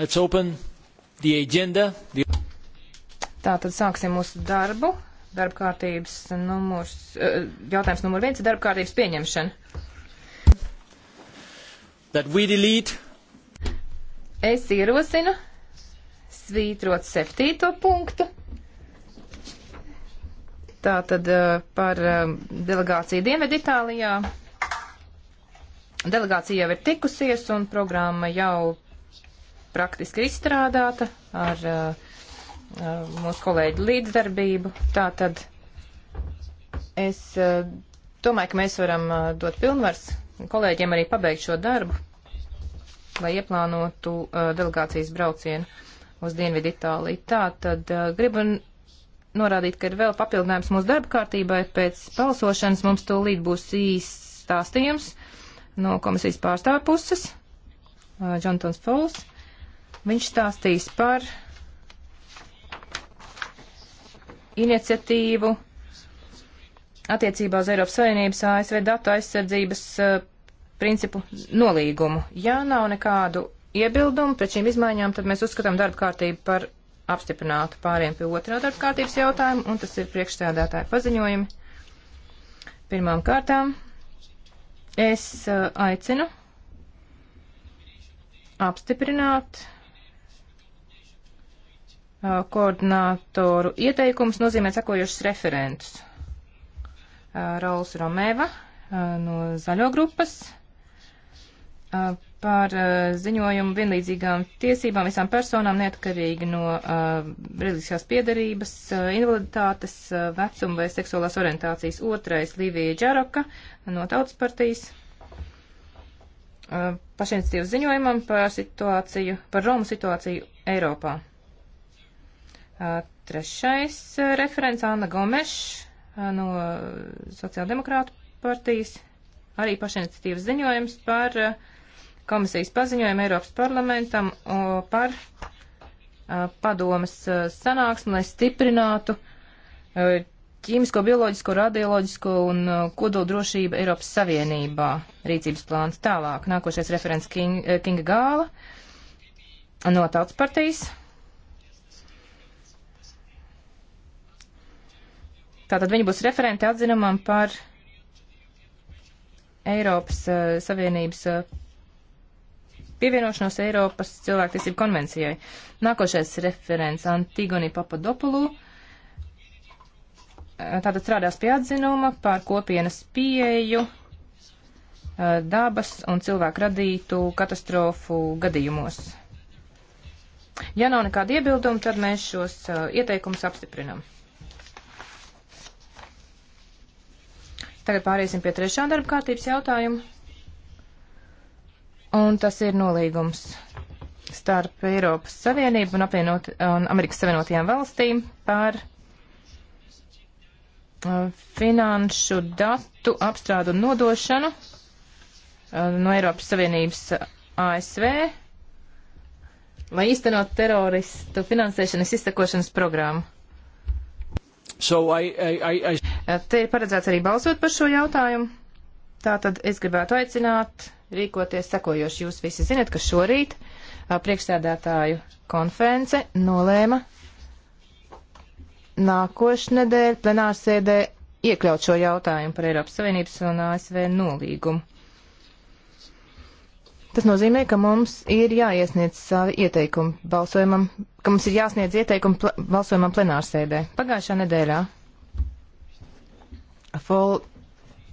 Let's open the agenda. The... Tātad sāksim mūsu darbu. Darba kārtības numurs, eh, jautājums numur viens ir darba kārtības pieņemšana. That we delete. Es ierosinu svītrot septīto punktu. Tātad eh, par eh, delegāciju Dienviditālijā. Delegācija jau ir tikusies un programma jau praktiski izstrādāta ar uh, uh, mūsu kolēģu līdzdarbību. Tātad es uh, domāju, ka mēs varam uh, dot pilnvars kolēģiem arī pabeigt šo darbu, lai ieplānotu uh, delegācijas braucienu uz Dienvidu Itāliju. Tātad uh, gribu norādīt, ka ir vēl papildinājums mūsu darba kārtībai. Pēc balsošanas mums tūlīt būs īsts stāstījums no komisijas pārstāvja puses, Džontons uh, Fols. Uh, Viņš stāstīs par iniciatīvu attiecībā uz Eiropas Savienības ASV datu aizsardzības uh, principu nolīgumu. Ja nav nekādu iebildumu pret šīm izmaiņām, tad mēs uzskatām darba kārtību par apstiprinātu pāriem pie otrā darba kārtības jautājuma, un tas ir priekšstādātāja paziņojumi. Pirmām kārtām es uh, aicinu apstiprināt Uh, koordinātoru ieteikums nozīmē sakojošus referentus. Uh, Rauls Romēva uh, no Zaļo grupas par ziņojumu vienlīdzīgām tiesībām visām personām neatkarīgi no reliģiskās piedarības, invaliditātes, vecuma vai seksuālās orientācijas. Otrais Līvija Džaroka no Tautas partijas pašinicitīvas ziņojumam par situāciju, par Romu situāciju Eiropā. Trešais referents Anna Gomeš no Sociāldemokrātu partijas. Arī pašiniciatīvas ziņojums par komisijas paziņojumu Eiropas parlamentam par padomas sanāksmi, lai stiprinātu ķīmisko, bioloģisko, radioloģisko un kodoldrošību Eiropas Savienībā. Rīcības plāns tālāk. Nākošais referents King, Kinga Gāla no Tautas partijas. Tātad viņi būs referenti atzinumam par Eiropas uh, Savienības uh, pievienošanos Eiropas cilvēktiesību konvencijai. Nākošais referents Antigoni Papadopulū. Eh, tātad strādās pie atzinuma par kopienas pieeju dabas un cilvēku radītu katastrofu gadījumos. Ja nav nekāda iebilduma, tad mēs šos uh, ieteikumus apstiprinam. Tagad pāriesim pie trešā darba kārtības jautājuma. Un tas ir nolīgums starp Eiropas Savienību un, apvienot, un Amerikas Savienotajām valstīm par uh, finanšu datu apstrādu un nodošanu uh, no Eiropas Savienības ASV, lai īstenot teroristu finansēšanas izsakošanas programmu. So I, I, I Te ir paredzēts arī balsot par šo jautājumu. Tātad es gribētu aicināt rīkoties sekojoši. Jūs visi zinat, ka šorīt priekšsēdētāju konference nolēma nākošnedēļ plenārsēdē iekļaut šo jautājumu par Eiropas Savienības un ASV nolīgumu. Tas nozīmē, ka mums ir jāiesniedz savi ieteikumi balsojumam, ka mums ir jāsniedz ieteikumi pl balsojumam plenārsēdē. Pagājušā nedēļā Fol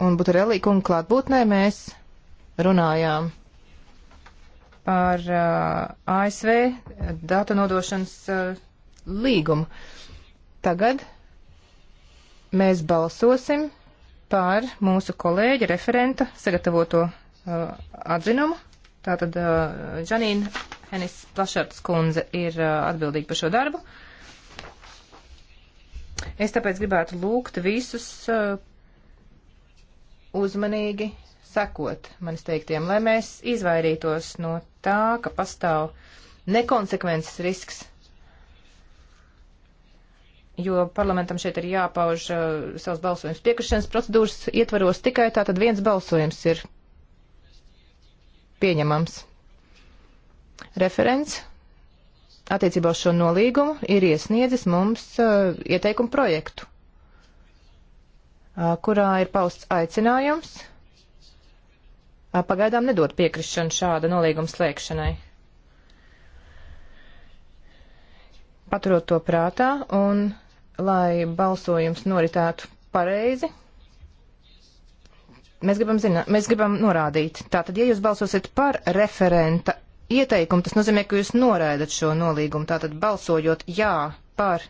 un Butarelī kunga klātbūtnē mēs runājām par uh, ASV datu nodošanas uh, līgumu. Tagad mēs balsosim par mūsu kolēģa referenta sagatavoto uh, atzinumu. Tātad uh, Žanīna Henis Plašarts kundze ir uh, atbildīga par šo darbu. Uh, Es tāpēc gribētu lūgt visus uh, uzmanīgi sekot manis teiktiem, lai mēs izvairītos no tā, ka pastāv nekonsekvences risks jo parlamentam šeit ir jāpauž uh, savs balsojums piekrišanas procedūras ietvaros tikai tā, tad viens balsojums ir pieņemams. Referents, attiecībā uz šo nolīgumu ir iesniedzis mums uh, ieteikumu projektu, uh, kurā ir pausts aicinājums uh, pagaidām nedot piekrišanu šāda nolīguma slēgšanai. Paturot to prātā un lai balsojums noritētu pareizi, mēs gribam, zināt, mēs gribam norādīt. Tātad, ja jūs balsosiet par referenta ieteikumu, tas nozīmē, ka jūs noraidat šo nolīgumu. Tātad balsojot jā par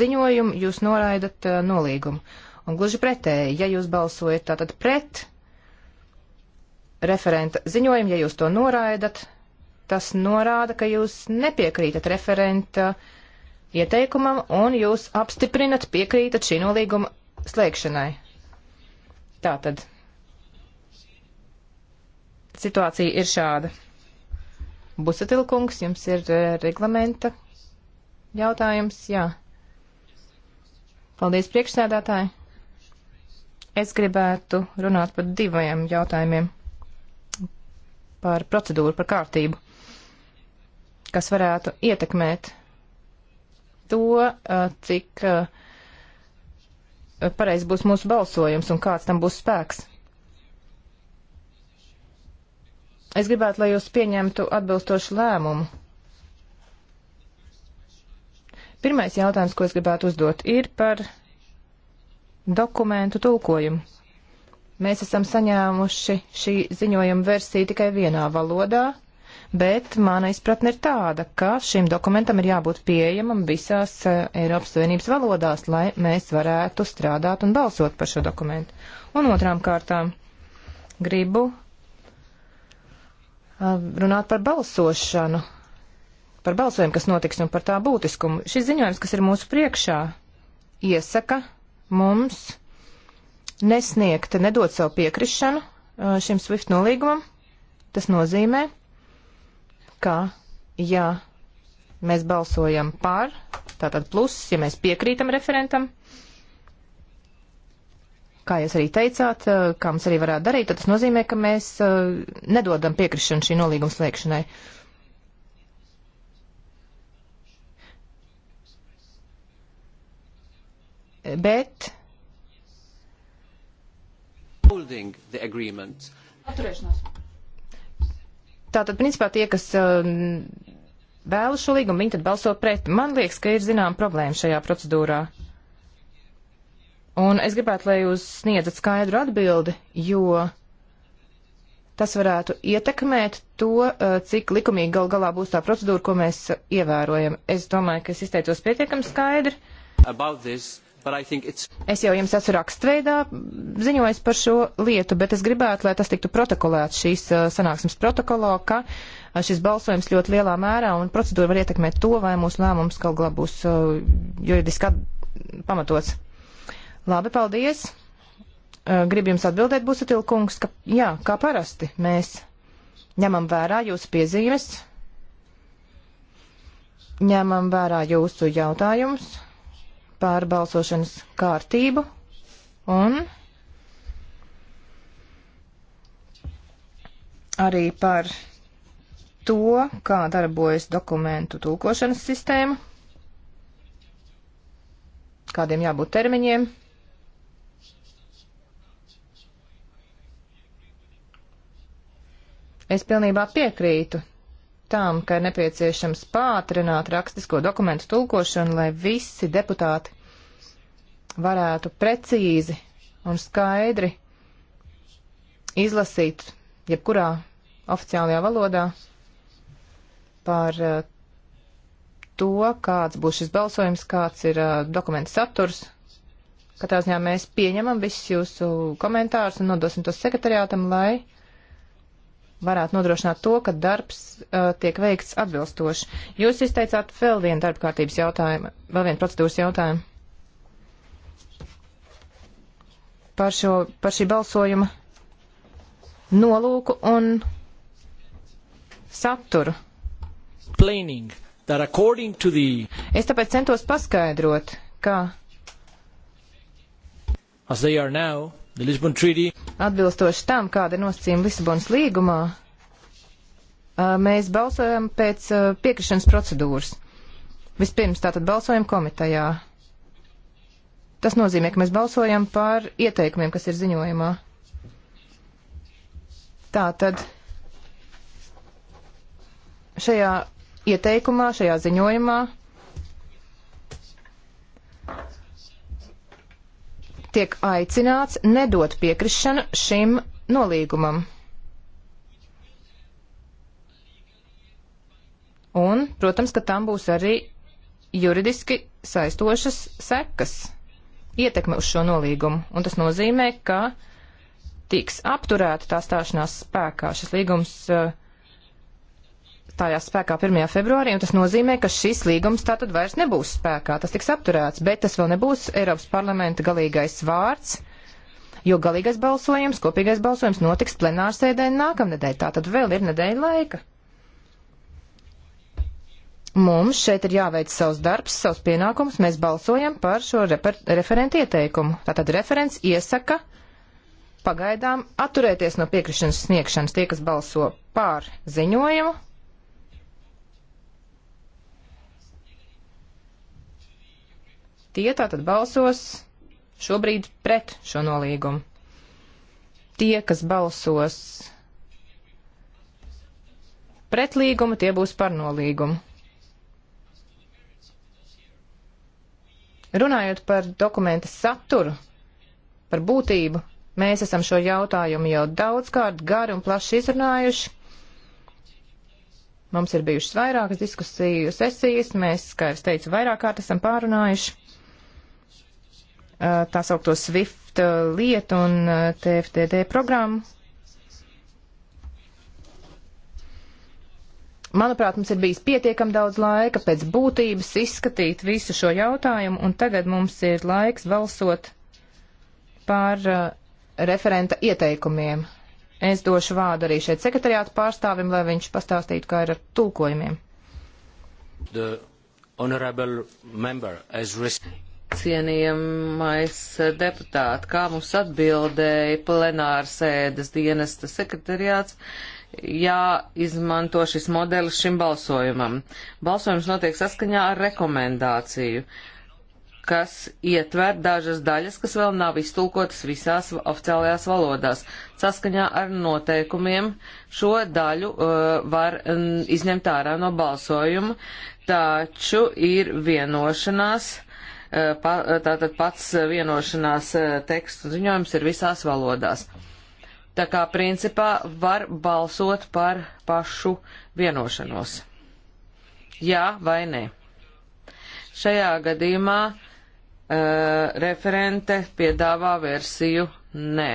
ziņojumu, jūs noraidat uh, nolīgumu. Un gluži pretēji, ja jūs balsojat tātad pret referenta ziņojumu, ja jūs to noraidat, tas norāda, ka jūs nepiekrītat referenta ieteikumam un jūs apstiprinat, piekrītat šī nolīguma slēgšanai. Tātad situācija ir šāda. Busatilkungs, jums ir eh, reglamenta jautājums, jā. Paldies, priekšsēdētāji. Es gribētu runāt par diviem jautājumiem. Par procedūru, par kārtību, kas varētu ietekmēt to, eh, cik eh, pareizi būs mūsu balsojums un kāds tam būs spēks. Es gribētu, lai jūs pieņemtu atbilstošu lēmumu. Pirmais jautājums, ko es gribētu uzdot, ir par dokumentu tulkojumu. Mēs esam saņēmuši šī ziņojuma versiju tikai vienā valodā, bet mana izpratne ir tāda, ka šim dokumentam ir jābūt pieejamam visās eh, Eiropas Savienības valodās, lai mēs varētu strādāt un balsot par šo dokumentu. Un otrām kārtām gribu Um, runāt par balsošanu, par balsojumu, kas notiks un par tā būtiskumu. Šis ziņojums, kas ir mūsu priekšā, iesaka mums nesniegt, nedot savu piekrišanu uh, šim SWIFT nolīgumam. Tas nozīmē, ka, ja mēs balsojam par, tātad plus, ja mēs piekrītam referentam, kā jūs arī teicāt, eh, kā mums arī varētu darīt, tad tas nozīmē, ka mēs eh, nedodam piekrišanu šī nolīguma slēgšanai. Bet. Atturēšanās. Tātad, principā, tie, kas eh, vēlas šo līgumu, viņi tad balso pret. Man liekas, ka ir zinām problēma šajā procedūrā. Uh, Un es gribētu, lai jūs sniedzat skaidru atbildi, jo tas varētu ietekmēt to, eh, cik likumīgi gal galā būs tā procedūra, ko mēs ievērojam. Es domāju, ka es izteicos pietiekami skaidri. This, es jau jums esmu rakstveidā ziņojis par šo lietu, bet es gribētu, lai tas tiktu protokolēts šīs eh, sanāksmes protokolā, ka eh, šis balsojums ļoti lielā mērā un procedūra var ietekmēt to, vai mūsu lēmums gal galā būs juridiski pamatots. Labi, paldies. Gribu jums atbildēt, Busatil kungs, ka jā, kā parasti mēs ņemam vērā jūsu piezīmes, ņemam vērā jūsu jautājumus par balsošanas kārtību un arī par to, kā darbojas dokumentu tulkošanas sistēma, kādiem jābūt termiņiem. Es pilnībā piekrītu tam, ka ir nepieciešams pātrināt rakstisko dokumentu tulkošanu, lai visi deputāti varētu precīzi un skaidri izlasīt jebkurā oficiālajā valodā par uh, to, kāds būs šis balsojums, kāds ir uh, dokumenta saturs. Katrā ziņā mēs pieņemam visus jūsu komentārus un nodosim tos sekretariātam, lai varētu nodrošināt to, ka darbs uh, tiek veikts atbilstoši. Jūs izteicāt vēl vienu darba kārtības jautājumu, vēl vienu procedūras jautājumu. Par, šo, par šī balsojuma nolūku un saturu. Planning, the... Es tāpēc centos paskaidrot, ka. As they are now, Atbilstoši tam, kāda ir nosacījuma Lisabonas līgumā, mēs balsojam pēc piekrišanas procedūras. Vispirms tātad balsojam komitejā. Tas nozīmē, ka mēs balsojam par ieteikumiem, kas ir ziņojumā. Tātad šajā ieteikumā, šajā ziņojumā tiek aicināts nedot piekrišanu šim nolīgumam. Un, protams, ka tam būs arī juridiski saistošas sekas ietekme uz šo nolīgumu, un tas nozīmē, ka tiks apturēta tā stāšanās spēkā. Šis līgums uh, stājās spēkā 1. februārī, un tas nozīmē, ka šis līgums tātad vairs nebūs spēkā. Tas tiks apturēts, bet tas vēl nebūs Eiropas parlamenta galīgais vārds, jo galīgais balsojums, kopīgais balsojums notiks plenārsēdē nākamnedēļ. Tātad vēl ir nedēļa laika. Mums šeit ir jāveic savs darbs, savs pienākums. Mēs balsojam par šo referentu ieteikumu. Tātad referents iesaka pagaidām atturēties no piekrišanas sniegšanas tie, kas balso pār ziņojumu, Tie tātad balsos šobrīd pret šo nolīgumu. Tie, kas balsos pret līgumu, tie būs par nolīgumu. Runājot par dokumenta saturu, par būtību, mēs esam šo jautājumu jau daudzkārt gari un plaši izrunājuši. Mums ir bijušas vairākas diskusiju sesijas, mēs, kā jau es teicu, vairāk kārt esam pārunājuši. Uh, tā saukto SWIFT uh, lietu un uh, TFTD programmu. Manuprāt, mums ir bijis pietiekam daudz laika pēc būtības izskatīt visu šo jautājumu, un tagad mums ir laiks balsot par uh, referenta ieteikumiem. Es došu vārdu arī šeit sekretariātu pārstāvim, lai viņš pastāstītu, kā ir ar tulkojumiem. Member, as... Cienījamais deputāti, kā mums atbildēja plenāra sēdes dienesta sekretariāts, jāizmanto šis modelis šim balsojumam. Balsojums notiek saskaņā ar rekomendāciju, kas ietver dažas daļas, kas vēl nav iztulkotas visās oficiālajās valodās. Saskaņā ar noteikumiem šo daļu uh, var um, izņemt ārā no balsojuma, taču ir vienošanās Eh, pa, eh, tātad pats eh, vienošanās teksts un ziņojums ir visās valodās. Tā kā principā var balsot par pašu vienošanos. Jā vai nē. Šajā gadījumā uh, referente piedāvā versiju nē.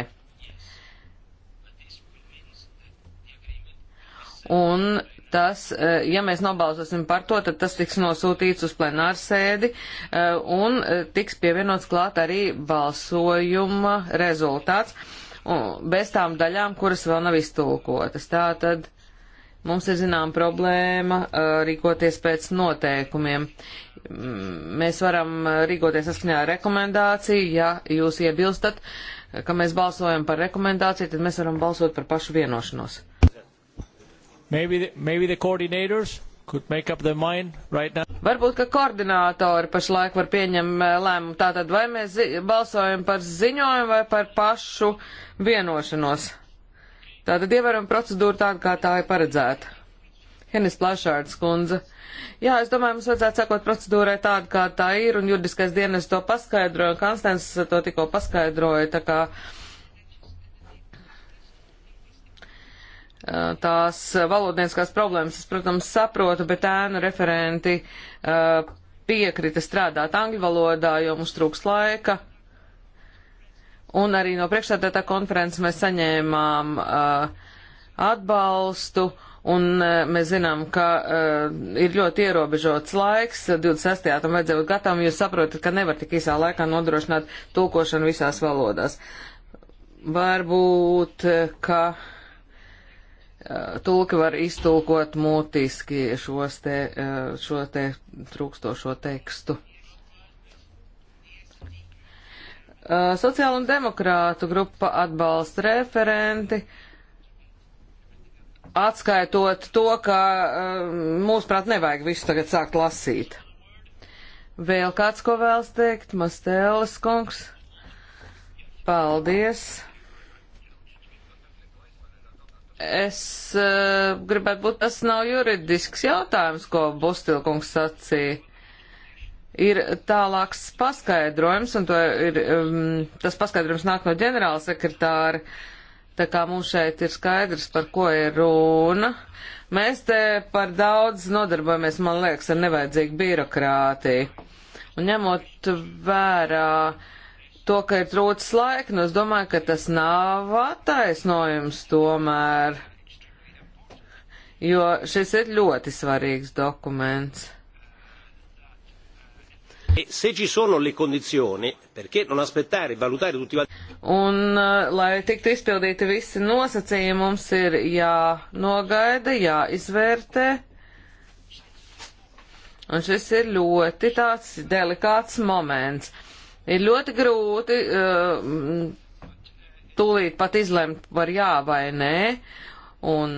Un tas, e, ja mēs nobalsosim par to, tad tas tiks nosūtīts uz plenāru sēdi e, un e, tiks pievienots klāt arī balsojuma rezultāts bez tām daļām, kuras vēl nav iztulkotas. Tā tad mums ir zinām problēma rīkoties pēc noteikumiem. Mēs varam rīkoties saskaņā ar rekomendāciju, ja jūs iebilstat, ka mēs balsojam par rekomendāciju, tad mēs varam balsot par pašu vienošanos. Maybe, maybe the coordinators could make up their mind right now. Varbūt, ka koordinātori pašlaik var pieņemt eh, lēmumu. Tātad, vai mēs balsojam par ziņojumu vai par pašu vienošanos? Tātad ievēram procedūru tādu, kā tā ir paredzēta. Henis Plašārds kundze. Jā, es domāju, mums vajadzētu sekot procedūrai tādu, kā tā ir, un juridiskais dienas to paskaidroja, un Konstants to tikko paskaidroja, tā kā. Uh, Eh, tās valodnieciskās problēmas, es, protams, saprotu, bet ēnu referenti uh, piekrita strādāt angļu valodā, jo mums trūks laika. Un arī no priekšstādātā konferences mēs saņēmām uh, atbalstu, un uh, mēs zinām, ka uh, ir ļoti ierobežots laiks, 26. tam vajadzēja būt gatavam, jūs saprotat, ka nevar tik īsā laikā nodrošināt tulkošanu visās valodās. Varbūt, ka. Uh, Eh, tulki var iztulkot mutiski šos te, eh, šo te trūkstošo tekstu. Eh, Sociāla un demokrātu grupa atbalsta referenti, atskaitot to, ka mūsuprāt nevajag visu tagad sākt lasīt. Vēl kāds, ko vēlas teikt? Mastēlis kungs. Paldies. Es uh, gribētu būt, tas nav juridisks jautājums, ko Bustilkungs sacīja. Ir tālāks paskaidrojums, un ir, um, tas paskaidrojums nāk no ģenerāla sekretāra, tā kā mums šeit ir skaidrs, par ko ir runa. Mēs te par daudz nodarbojamies, man liekas, ar nevajadzīgu birokrātiju. Un ņemot vērā uh, to, ka ir trūcis laika, nu es domāju, ka tas nav attaisnojums tomēr, jo šis ir ļoti svarīgs dokuments. E e Un, eh, lai tiktu izpildīti visi nosacījumi, mums ir jānogaida, jāizvērtē. Un šis ir ļoti tāds delikāts moments ir ļoti grūti uh, tūlīt pat izlemt par jā vai nē, un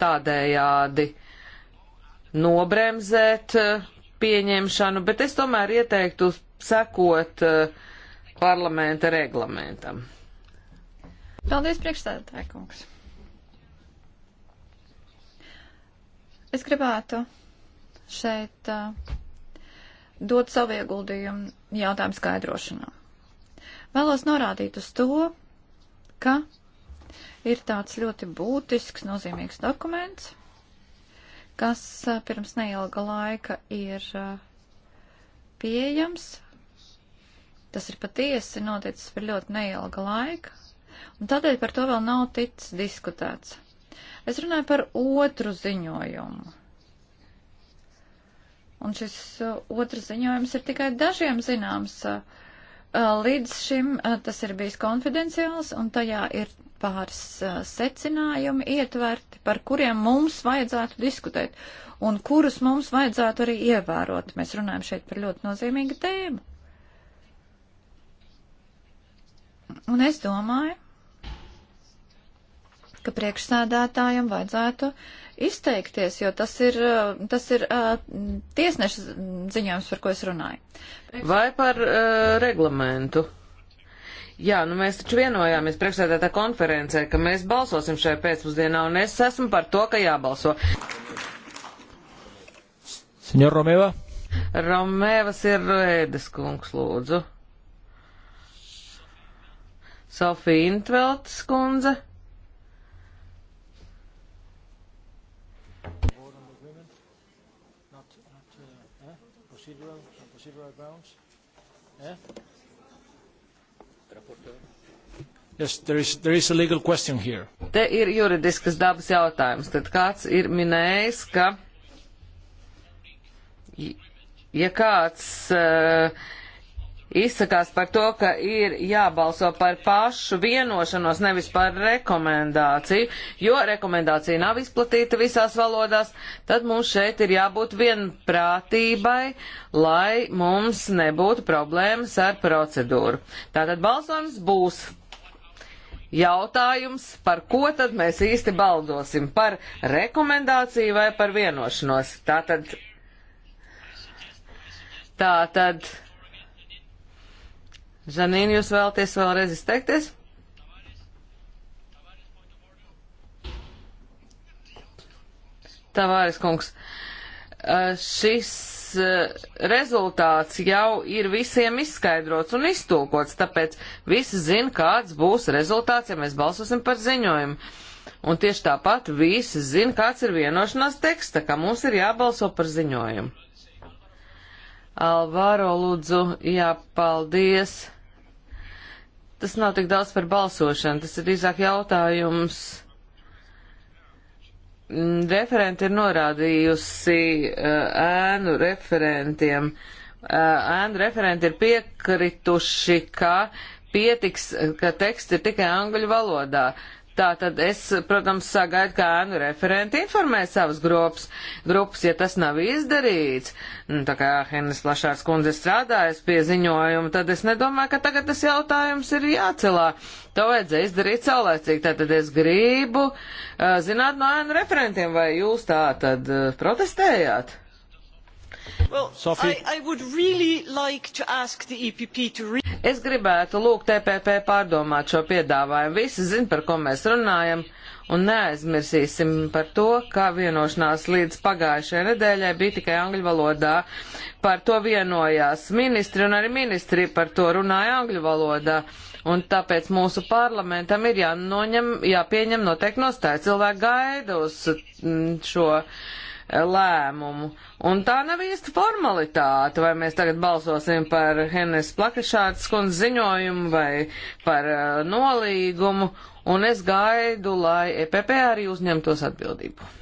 tādējādi nobremzēt uh, pieņemšanu, bet es tomēr ieteiktu sekot uh, parlamenta reglamentam. Paldies, priekšstādātāji kungs. Es gribētu šeit uh, dot savu ieguldījumu jautājumu skaidrošanā. Vēlos norādīt uz to, ka ir tāds ļoti būtisks, nozīmīgs dokuments, kas pirms neilga laika ir pieejams. Tas ir patiesi noticis par ļoti neilga laika, un tādēļ par to vēl nav ticis diskutēts. Es runāju par otru ziņojumu. Un šis uh, otrs ziņojums ir tikai dažiem zināms. Uh, uh, līdz šim tas ir bijis konfidenciāls, un tajā ir pāris secinājumi ietverti, par kuriem mums vajadzētu diskutēt, un kurus mums vajadzētu arī ievērot. Mēs runājam šeit par ļoti nozīmīgu tēmu. Un es domāju, ka priekšsēdētājiem vajadzētu uh, izteikties, jo tas ir, eh, tas ir uh, tiesneša ziņojums, par ko es runāju. Vai par uh, reglamentu? Jā, nu mēs taču vienojāmies priekšsēdētā konferencē, ka mēs balsosim šajā pēcpusdienā, un es esmu par to, ka jābalso. Senjor Romeva? Romevas ir Rēdes kungs, lūdzu. Sofija Intveltas kundze. procedural, on procedural grounds? Yeah? Yes, there is, there is a legal question here. Te ir juridiskas dabas jautājums. Tad kāds ir minējis, ka ja kāds uh, izsakās par to, ka ir jābalso par pašu vienošanos, nevis par rekomendāciju, jo rekomendācija nav izplatīta visās valodās, tad mums šeit ir jābūt vienprātībai, lai mums nebūtu problēmas ar procedūru. Tātad balsojums būs. Jautājums, par ko tad mēs īsti baldosim? Par rekomendāciju vai par vienošanos? Tātad. Tātad Žanīna, jūs vēlaties vēlreiz izteikties? Tavāris kungs, šis rezultāts jau ir visiem izskaidrots un iztūkots, tāpēc visi zina, kāds būs rezultāts, ja mēs balsosim par ziņojumu. Un tieši tāpat visi zina, kāds ir vienošanās teksts, tā kā mums ir jābalso par ziņojumu. Alvaro Lūdzu, jā, paldies. Tas nav tik daudz par balsošanu, tas ir drīzāk jautājums. Mm, referenti ir norādījusi eh, ēnu referentiem. Eh, ēnu referenti ir piekrituši, ka pietiks, ka teksts ir tikai angļu valodā. Tātad es, protams, sagaidu, kā ēnu referenti informē savas grupas, grupas, ja tas nav izdarīts. Nu, tā kā Hennes Lašārs kundze strādājas pie ziņojuma, tad es nedomāju, ka tagad tas jautājums ir jācelā. To vajadzēja izdarīt saulēcīgi. Tātad es gribu uh, zināt no ēnu referentiem, vai jūs tā tad uh, protestējāt? Well, Sophie. I, I would really like to ask the EPP to re es gribētu lūgt TPP pārdomāt šo piedāvājumu. Visi zin, par ko mēs runājam, un neaizmirsīsim par to, ka vienošanās līdz pagājušajai nedēļai bija tikai angļu valodā. Par to vienojās ministri, un arī ministri par to runāja angļu valodā. Un tāpēc mūsu parlamentam ir jānoņem, jāpieņem noteikti nostāja. Cilvēki gaida uz mm, šo. Uh, lēmumu. Un tā nav īsta formalitāte, vai mēs tagad balsosim par Hennes Plakašātas kundzes ziņojumu vai par uh, nolīgumu, un es gaidu, lai EPP arī uzņemtos atbildību.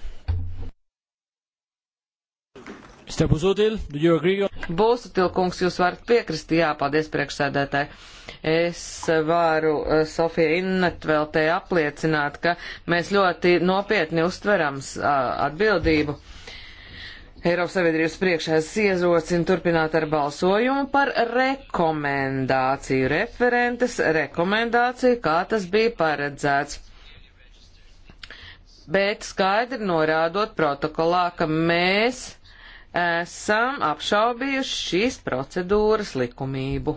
Būsutil kungs, jūs varat piekrist, jā, paldies priekšsēdētāji. Es varu uh, Sofija Innetveltē apliecināt, ka mēs ļoti nopietni uztverams uh, atbildību. Uh, Eiropas Savienības priekšēs iezocina turpināt ar balsojumu par rekomendāciju, referentes rekomendāciju, kā tas bija paredzēts. Bet skaidri norādot protokolā, ka mēs esam apšaubījuši šīs procedūras likumību.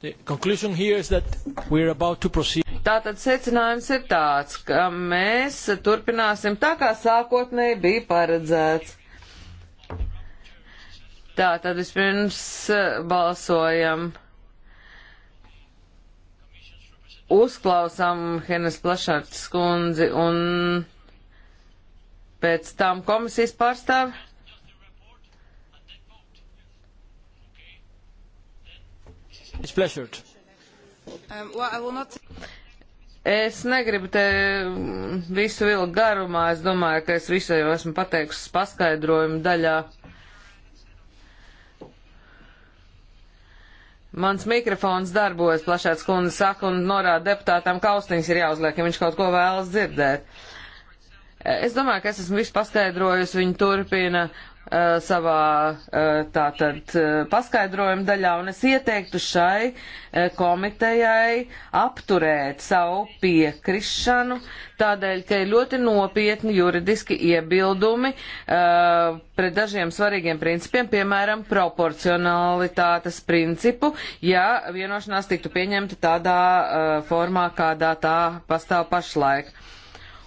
The conclusion here is that we're about to proceed. Tātad secinājums ir tāds, ka mēs turpināsim tā, kā sākotnēji bija paredzēts. Tā, tad vispirms eh, balsojam. Uzklausām Henes Plašārts kundzi un pēc tam komisijas pārstāvi. Um, well, not... Es negribu te visu vilkt garumā, es domāju, ka es visu jau esmu pateikusi paskaidrojumu daļā. Mans mikrofons darbojas, plašāts kundze saka, un norāda deputātam kaustiņas ir jāuzliek, ja viņš kaut ko vēlas dzirdēt. Es domāju, ka es esmu visu paskaidrojusi, viņa turpina, Uh, savā uh, tātad uh, paskaidrojuma daļā, un es ieteiktu šai komitejai apturēt savu piekrišanu, tādēļ, ka ir ļoti nopietni juridiski iebildumi uh, pret dažiem svarīgiem principiem, piemēram, proporcionalitātes principu, ja vienošanās tiktu pieņemta tādā uh, formā, kādā tā pastāv pašlaik. Uh,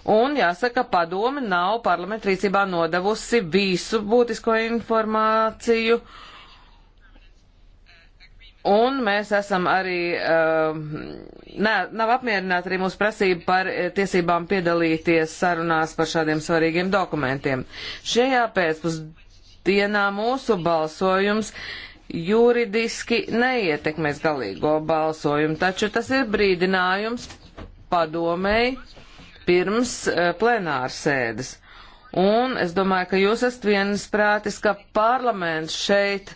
Un jāsaka, padome nav parlamentu rīcībā nodevusi visu būtisko informāciju. Un mēs esam arī, uh, ehm, nē, nav apmierināti arī mūsu prasība par eh, tiesībām piedalīties sarunās par šādiem svarīgiem dokumentiem. Šajā pēcpusdienā mūsu balsojums juridiski neietekmēs galīgo balsojumu, taču tas ir brīdinājums padomēji pirms e, plenārsēdes. Un es domāju, ka jūs esat viensprātis, ka parlaments šeit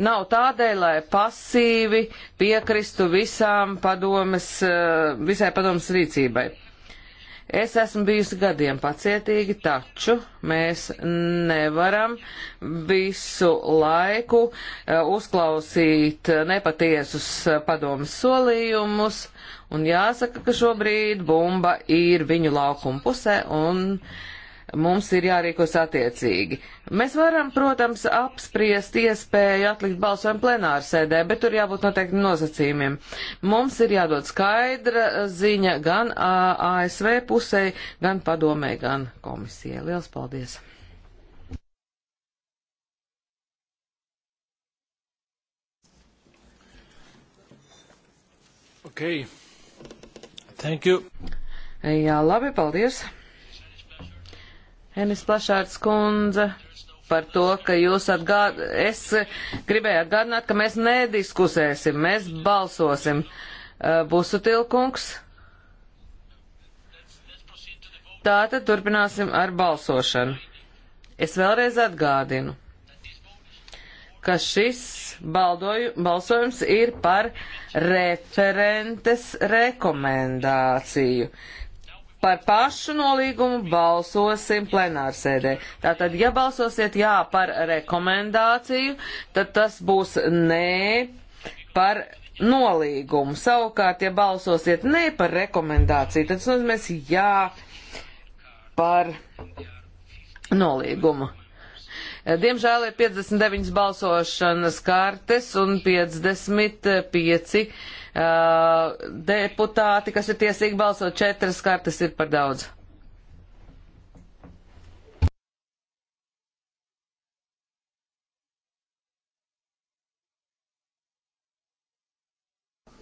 nav tādēļ, lai pasīvi piekristu visām padomes, e, visai padomes rīcībai. Es esmu bijusi gadiem pacietīgi, taču mēs nevaram visu laiku e, uzklausīt nepatiesus padomes solījumus, uh, Un jāsaka, ka šobrīd bumba ir viņu laukuma pusē un mums ir jārīkos attiecīgi. Mēs varam, protams, apspriest iespēju atlikt balsojumu plenāru sēdē, bet tur jābūt noteikti nosacījumiem. Mums ir jādod skaidra ziņa gan ASV pusē, gan padomē, gan komisijai. Liels paldies! Okay. Thank you. Jā, labi, paldies. Enis Plašārds kundze par to, ka jūs atgād... Es gribēju atgādināt, ka mēs nediskusēsim, mēs balsosim. Būsu tilkungs. Tātad turpināsim ar balsošanu. Es vēlreiz atgādinu, ka šis baldoju, balsojums ir par referentes rekomendāciju. Par pašu nolīgumu balsosim plenārsēdē. Tātad, ja balsosiet jā par rekomendāciju, tad tas būs nē par nolīgumu. Savukārt, ja balsosiet nē par rekomendāciju, tad tas nozīmēs jā par nolīgumu. Diemžēl ir 59 balsošanas kartes un 55 uh, deputāti, kas ir tiesīgi balsot. Četras kartes ir par daudz.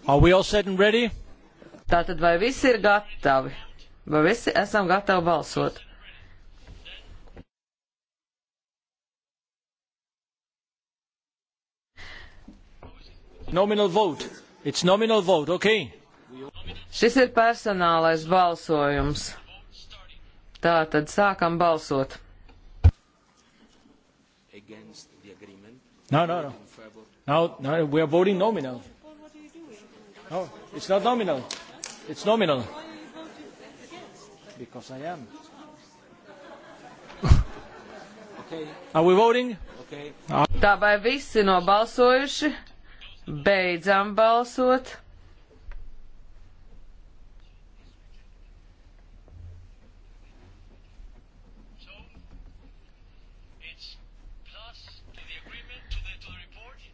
Are we all set and ready? Tātad vai visi ir gatavi? Vai visi esam gatavi balsot? Nominal vote. It's nominal vote, ok? Šis ir personālais balsojums. Tā tad sākam balsot. No, no, no. Now, now we are voting nominal. No, it's not nominal. It's nominal. Because I am. okay. Are we voting? Okay. Tā vai visi nobalsojuši? Beidzam balsot.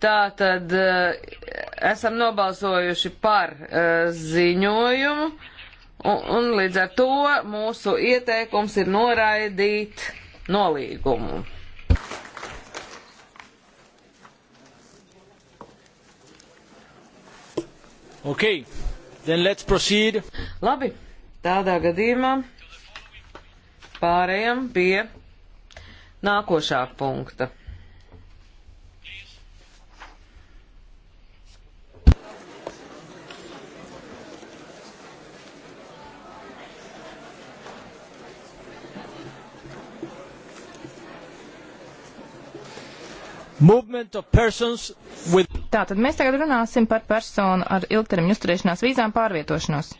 Tā tad eh, esam nobalsojuši par eh, ziņojumu, un, un līdz ar to mūsu ieteikums ir noraidīt nolīgumu. Okay. Then let's proceed. Labi, tādā gadījumā pārējām pie nākošā punkta. Movement of persons with Tātad mēs tagad runāsim par personu ar ilgtermiņu uzturēšanās vīzām pārvietošanos.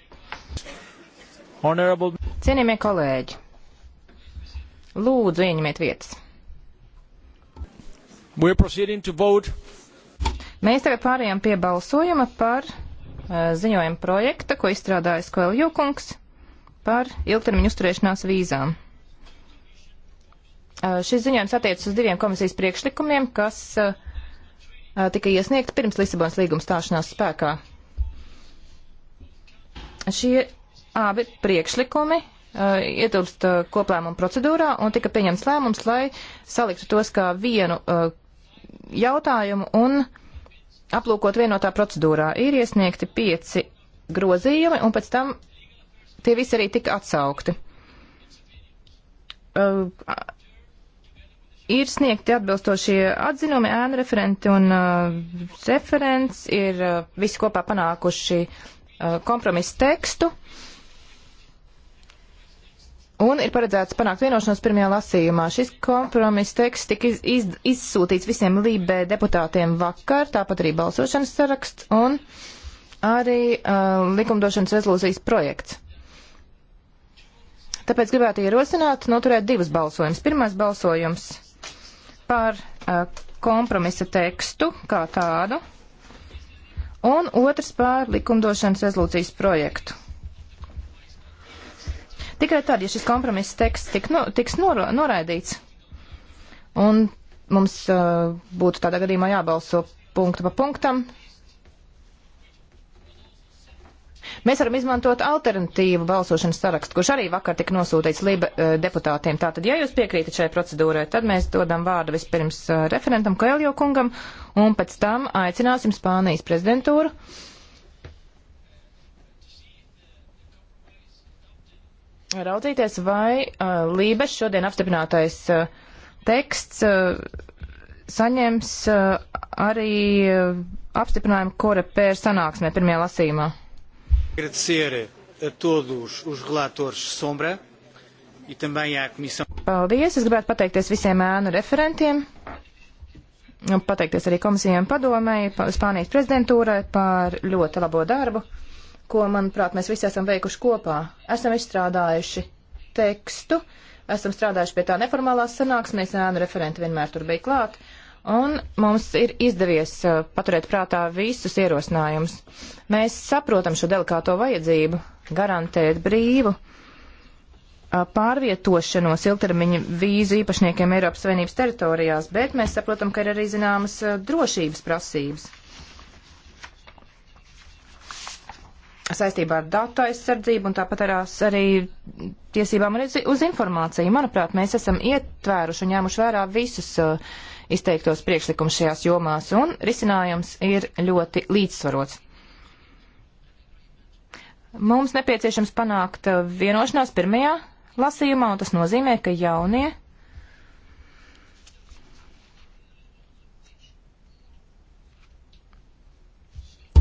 Honorable. Cienījamie kolēģi, lūdzu ieņemiet vietas. Mēs tagad pārējām pie balsojuma par uh, ziņojumu projekta, ko izstrādājas Koelju kungs par ilgtermiņu uzturēšanās vīzām. Uh, šis ziņojums attiecas uz diviem komisijas priekšlikumiem, kas uh, Uh, tika iesniegta pirms Lisabonas līguma stāšanās spēkā. Šie abi priekšlikumi uh, ietilpst uh, koplēmuma procedūrā un tika pieņemts lēmums, lai saliktu tos kā vienu uh, jautājumu un aplūkot vienotā procedūrā. Ir iesniegti pieci grozījumi un pēc tam tie visi arī tika atsaukti. Uh, Ir sniegti atbilstošie atzinumi, ēna referenti un uh, referents ir uh, visi kopā panākuši uh, kompromisu tekstu. Un ir paredzēts panākt vienošanos pirmajā lasījumā. Šis kompromiss teksts tika iz, iz, izsūtīts visiem Lībē deputātiem vakar, tāpat arī balsošanas saraksts un arī uh, likumdošanas rezolūcijas projekts. Tāpēc gribētu ierosināt noturēt divus balsojumus. Pirmais balsojums par uh, kompromisa tekstu kā tādu, un otrs par likumdošanas rezolūcijas projektu. Tikai tad, ja šis kompromisa teksts tik no, tiks nor, noraidīts, un mums uh, būtu tādā gadījumā jābalso punktu pa punktam, Mēs varam izmantot alternatīvu balsošanas sarakstu, kurš arī vakar tika nosūtīts Liba eh, deputātiem. Tātad, ja jūs piekrītat šai procedūrai, tad mēs dodam vārdu vispirms eh, referentam Koeljo kungam un pēc tam aicināsim Spānijas prezidentūru. Raudzīties, vai uh, eh, Lībes šodien apstiprinātais uh, teksts uh, saņems uh, arī uh, apstiprinājumu korepēra sanāksmē pirmajā lasījumā. Agradecer a todos os relatores sombra e também à Comissão. Paldies! Es gribētu pateikties visiem ēnu referentiem. Pateikties arī komisijām padomēji, Spānijas prezidentūrai par ļoti labo darbu, ko, manuprāt, mēs visi esam veikuši kopā. Esam izstrādājuši tekstu, esam strādājuši pie tā neformālās sanāksmēs, ēnu referenti vienmēr tur bija klāt. Un mums ir izdevies uh, paturēt prātā visus ierosinājumus. Mēs saprotam šo delikāto vajadzību garantēt brīvu uh, pārvietošanos ilgtermiņa vīzu īpašniekiem Eiropas Savienības teritorijās, bet mēs saprotam, ka ir arī zināmas uh, drošības prasības. Saistībā ar datu aizsardzību un tāpat arī tiesībām uz informāciju. Manuprāt, mēs esam ietvēruši un ņēmuši vērā visus uh, izteiktos priekšlikumus šajās jomās, un risinājums ir ļoti līdzsvarots. Mums nepieciešams panākt vienošanās pirmajā lasījumā, un tas nozīmē, ka jaunie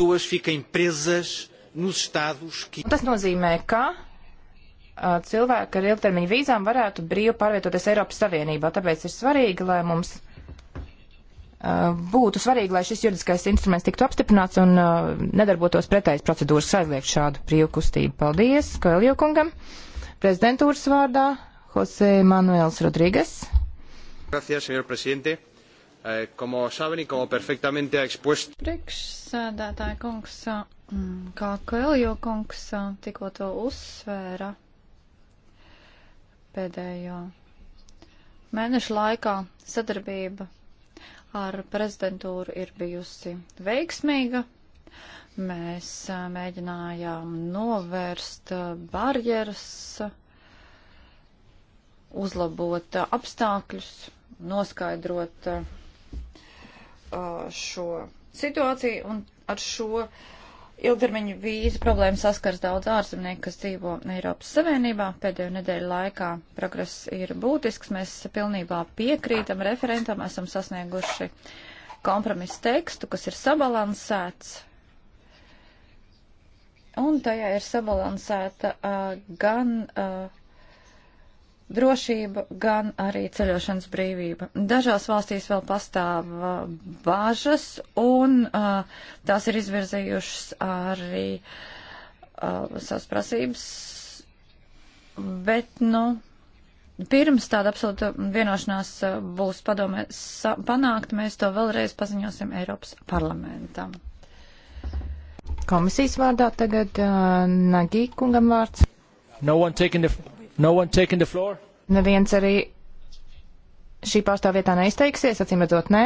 pessoas fiquem presas nos estados que. Tas nozīmē, ka cilvēki ar ilgtermiņa vīzām varētu brīvi pārvietoties Eiropas Savienībā. Tāpēc ir svarīgi, lai mums Eh, būtu svarīgi, lai šis juridiskais instruments tiktu apstiprināts un uh, nedarbotos pretējas procedūras aizliegt šādu brīvkustību. Paldies Kailio kungam. Prezidentūras vārdā Jose Manuels Rodrīgas. Gracias, señor presidente. Eh, como saben y como perfectamente ha expuesto. Priekšsēdētāja kungs, mm, kā Kailio kungs tikko to uzsvēra pēdējo mēnešu laikā sadarbība ar prezidentūru ir bijusi veiksmīga. Mēs mēģinājām novērst barjeras, uzlabot apstākļus, noskaidrot šo situāciju un ar šo uh, Ilgtermiņa vīzu problēma saskars daudz ārzemnieku, kas dzīvo Eiropas Savienībā. Pēdējo nedēļu laikā progress ir būtisks. Mēs pilnībā piekrītam referentam, esam sasnieguši kompromisu tekstu, kas ir sabalansēts. Un tajā ir sabalansēta uh, gan. Uh, drošība, gan arī ceļošanas brīvība. Dažās valstīs vēl pastāv uh, bāžas, un uh, tās ir izvirzījušas arī uh, savas prasības, bet, nu, pirms tāda absolūta vienošanās uh, būs padomē panākt, mēs to vēlreiz paziņosim Eiropas parlamentam. Komisijas vārdā tagad uh, Nagī kungam vārds. No one taking the No one taking the floor? Neviens arī šī pārstāvvietā neizteiksies, acīm redzot, nē.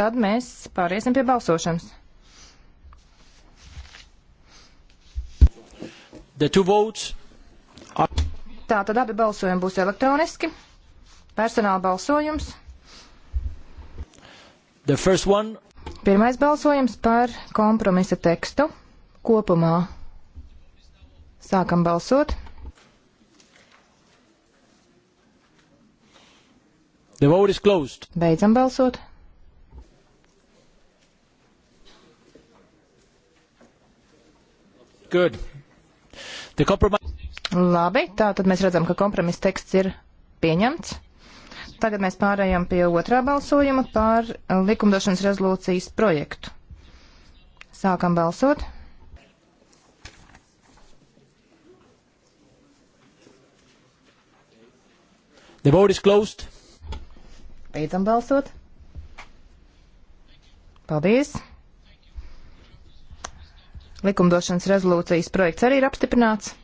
Tad mēs pāriesim pie balsošanas. Are... Tā tad abi balsojumi būs elektroniski. Personāla balsojums. Pirmais balsojums par kompromisa tekstu kopumā. Sākam balsot. The vote is closed. Beidzam balsot. Good. The compromise... Labi, tā tad mēs redzam, ka kompromisa teksts ir pieņemts. Tagad mēs pārējām pie otrā balsojuma par likumdošanas rezolūcijas projektu. Sākam balsot. The vote is closed. Beidzam balsot. Paldies. Likumdošanas rezolūcijas projekts arī ir apstiprināts.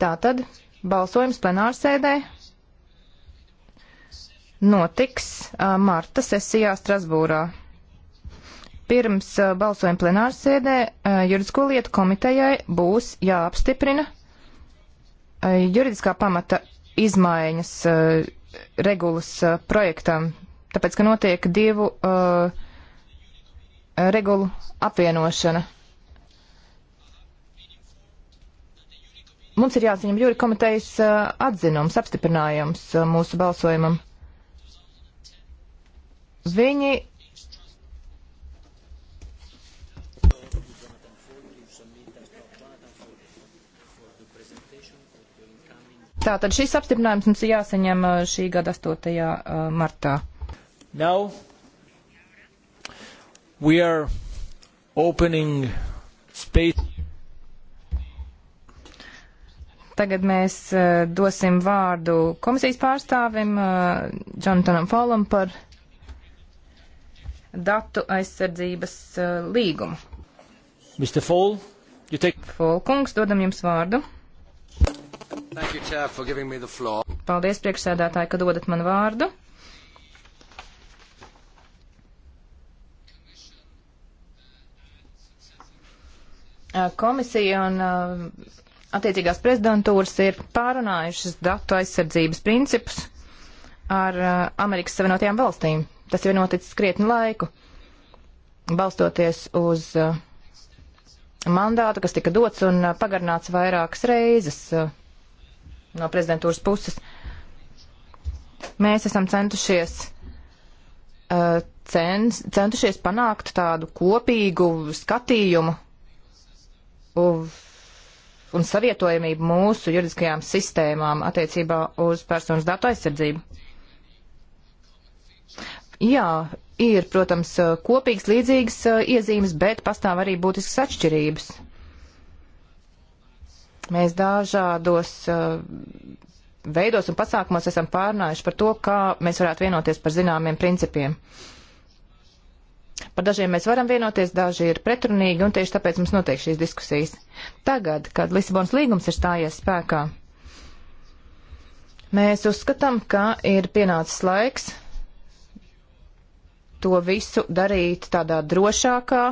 Tātad balsojums plenārsēdē notiks uh, marta sesijā Strasbūrā. Pirms uh, balsojuma plenārsēdē uh, juridisko lietu komitejai būs jāapstiprina juridiskā pamata izmaiņas eh, regulas eh, projektam, tāpēc, ka notiek divu eh, regulu apvienošana. Mums ir jāsaņem jūri komitejas atzinums, apstiprinājums mūsu balsojumam. Viņi Tātad šis apstiprinājums mums ir jāsaņem uh, šī gada 8. Uh, martā. Now we are opening space. Tagad mēs uh, dosim vārdu komisijas pārstāvim uh, Jonatanam Faulam par datu aizsardzības uh, līgumu. Mr. Fall, you take... Fall kungs, dodam jums vārdu. You, chair, Paldies, priekšsēdētāji, ka dodat man vārdu. Komisija un attiecīgās prezidentūras ir pārunājušas datu aizsardzības principus ar Amerikas Savienotajām valstīm. Tas jau ir noticis krietni laiku, balstoties uz mandātu, kas tika dots un pagarnāts vairākas reizes no prezidentūras puses. Mēs esam centušies, uh, cens, centušies panākt tādu kopīgu skatījumu uz, un savietojamību mūsu juridiskajām sistēmām attiecībā uz personas datu aizsardzību. Jā, ir, protams, kopīgs līdzīgas uh, iezīmes, bet pastāv arī būtisks atšķirības. Mēs dažādos eh, veidos un pasākumos esam pārnājuši par to, kā mēs varētu vienoties par zināmiem principiem. Par dažiem mēs varam vienoties, daži ir pretrunīgi, un tieši tāpēc mums notiek šīs diskusijas. Tagad, kad Lisabonas līgums ir stājies spēkā, mēs uzskatām, ka ir pienācis laiks to visu darīt tādā drošākā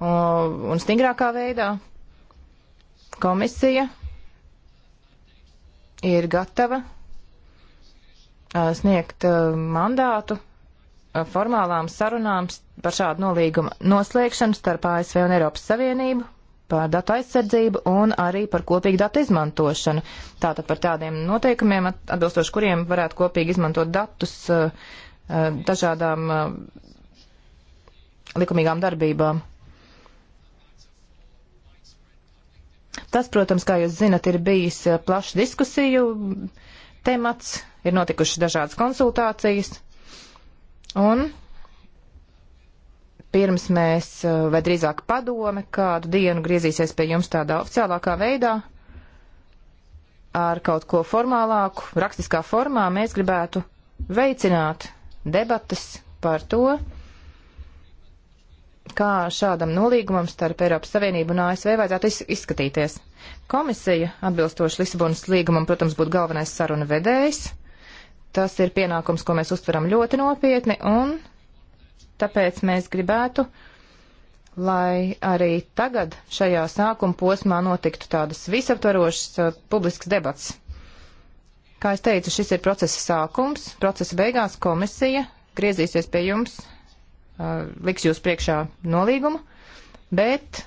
un stingrākā veidā. Komisija ir gatava uh, sniegt uh, mandātu uh, formālām sarunām par šādu nolīgumu noslēgšanu starp ASV un Eiropas Savienību par datu aizsardzību un arī par kopīgu datu izmantošanu. Tātad par tādiem noteikumiem, atbilstoši kuriem varētu kopīgi izmantot datus dažādām likumīgām darbībām. Tas, protams, kā jūs zinat, ir bijis eh, plašs diskusiju temats, ir notikušas dažādas konsultācijas. Un pirms mēs, eh, vai drīzāk padome, kādu dienu griezīsies pie jums tādā oficiālākā veidā, ar kaut ko formālāku, rakstiskā formā, mēs gribētu veicināt debatas par to, kā šādam nolīgumam starp Eiropas Savienību un ASV vajadzētu izskatīties. Komisija, atbilstoši Lisabonas līgumam, protams, būtu galvenais saruna vedējs. Tas ir pienākums, ko mēs uztveram ļoti nopietni, un tāpēc mēs gribētu, lai arī tagad šajā sākuma posmā notiktu tādas visaptvarošas uh, publiskas debats. Kā es teicu, šis ir procesa sākums. Procesa beigās komisija griezīsies pie jums Uh, liks jūs priekšā nolīgumu, bet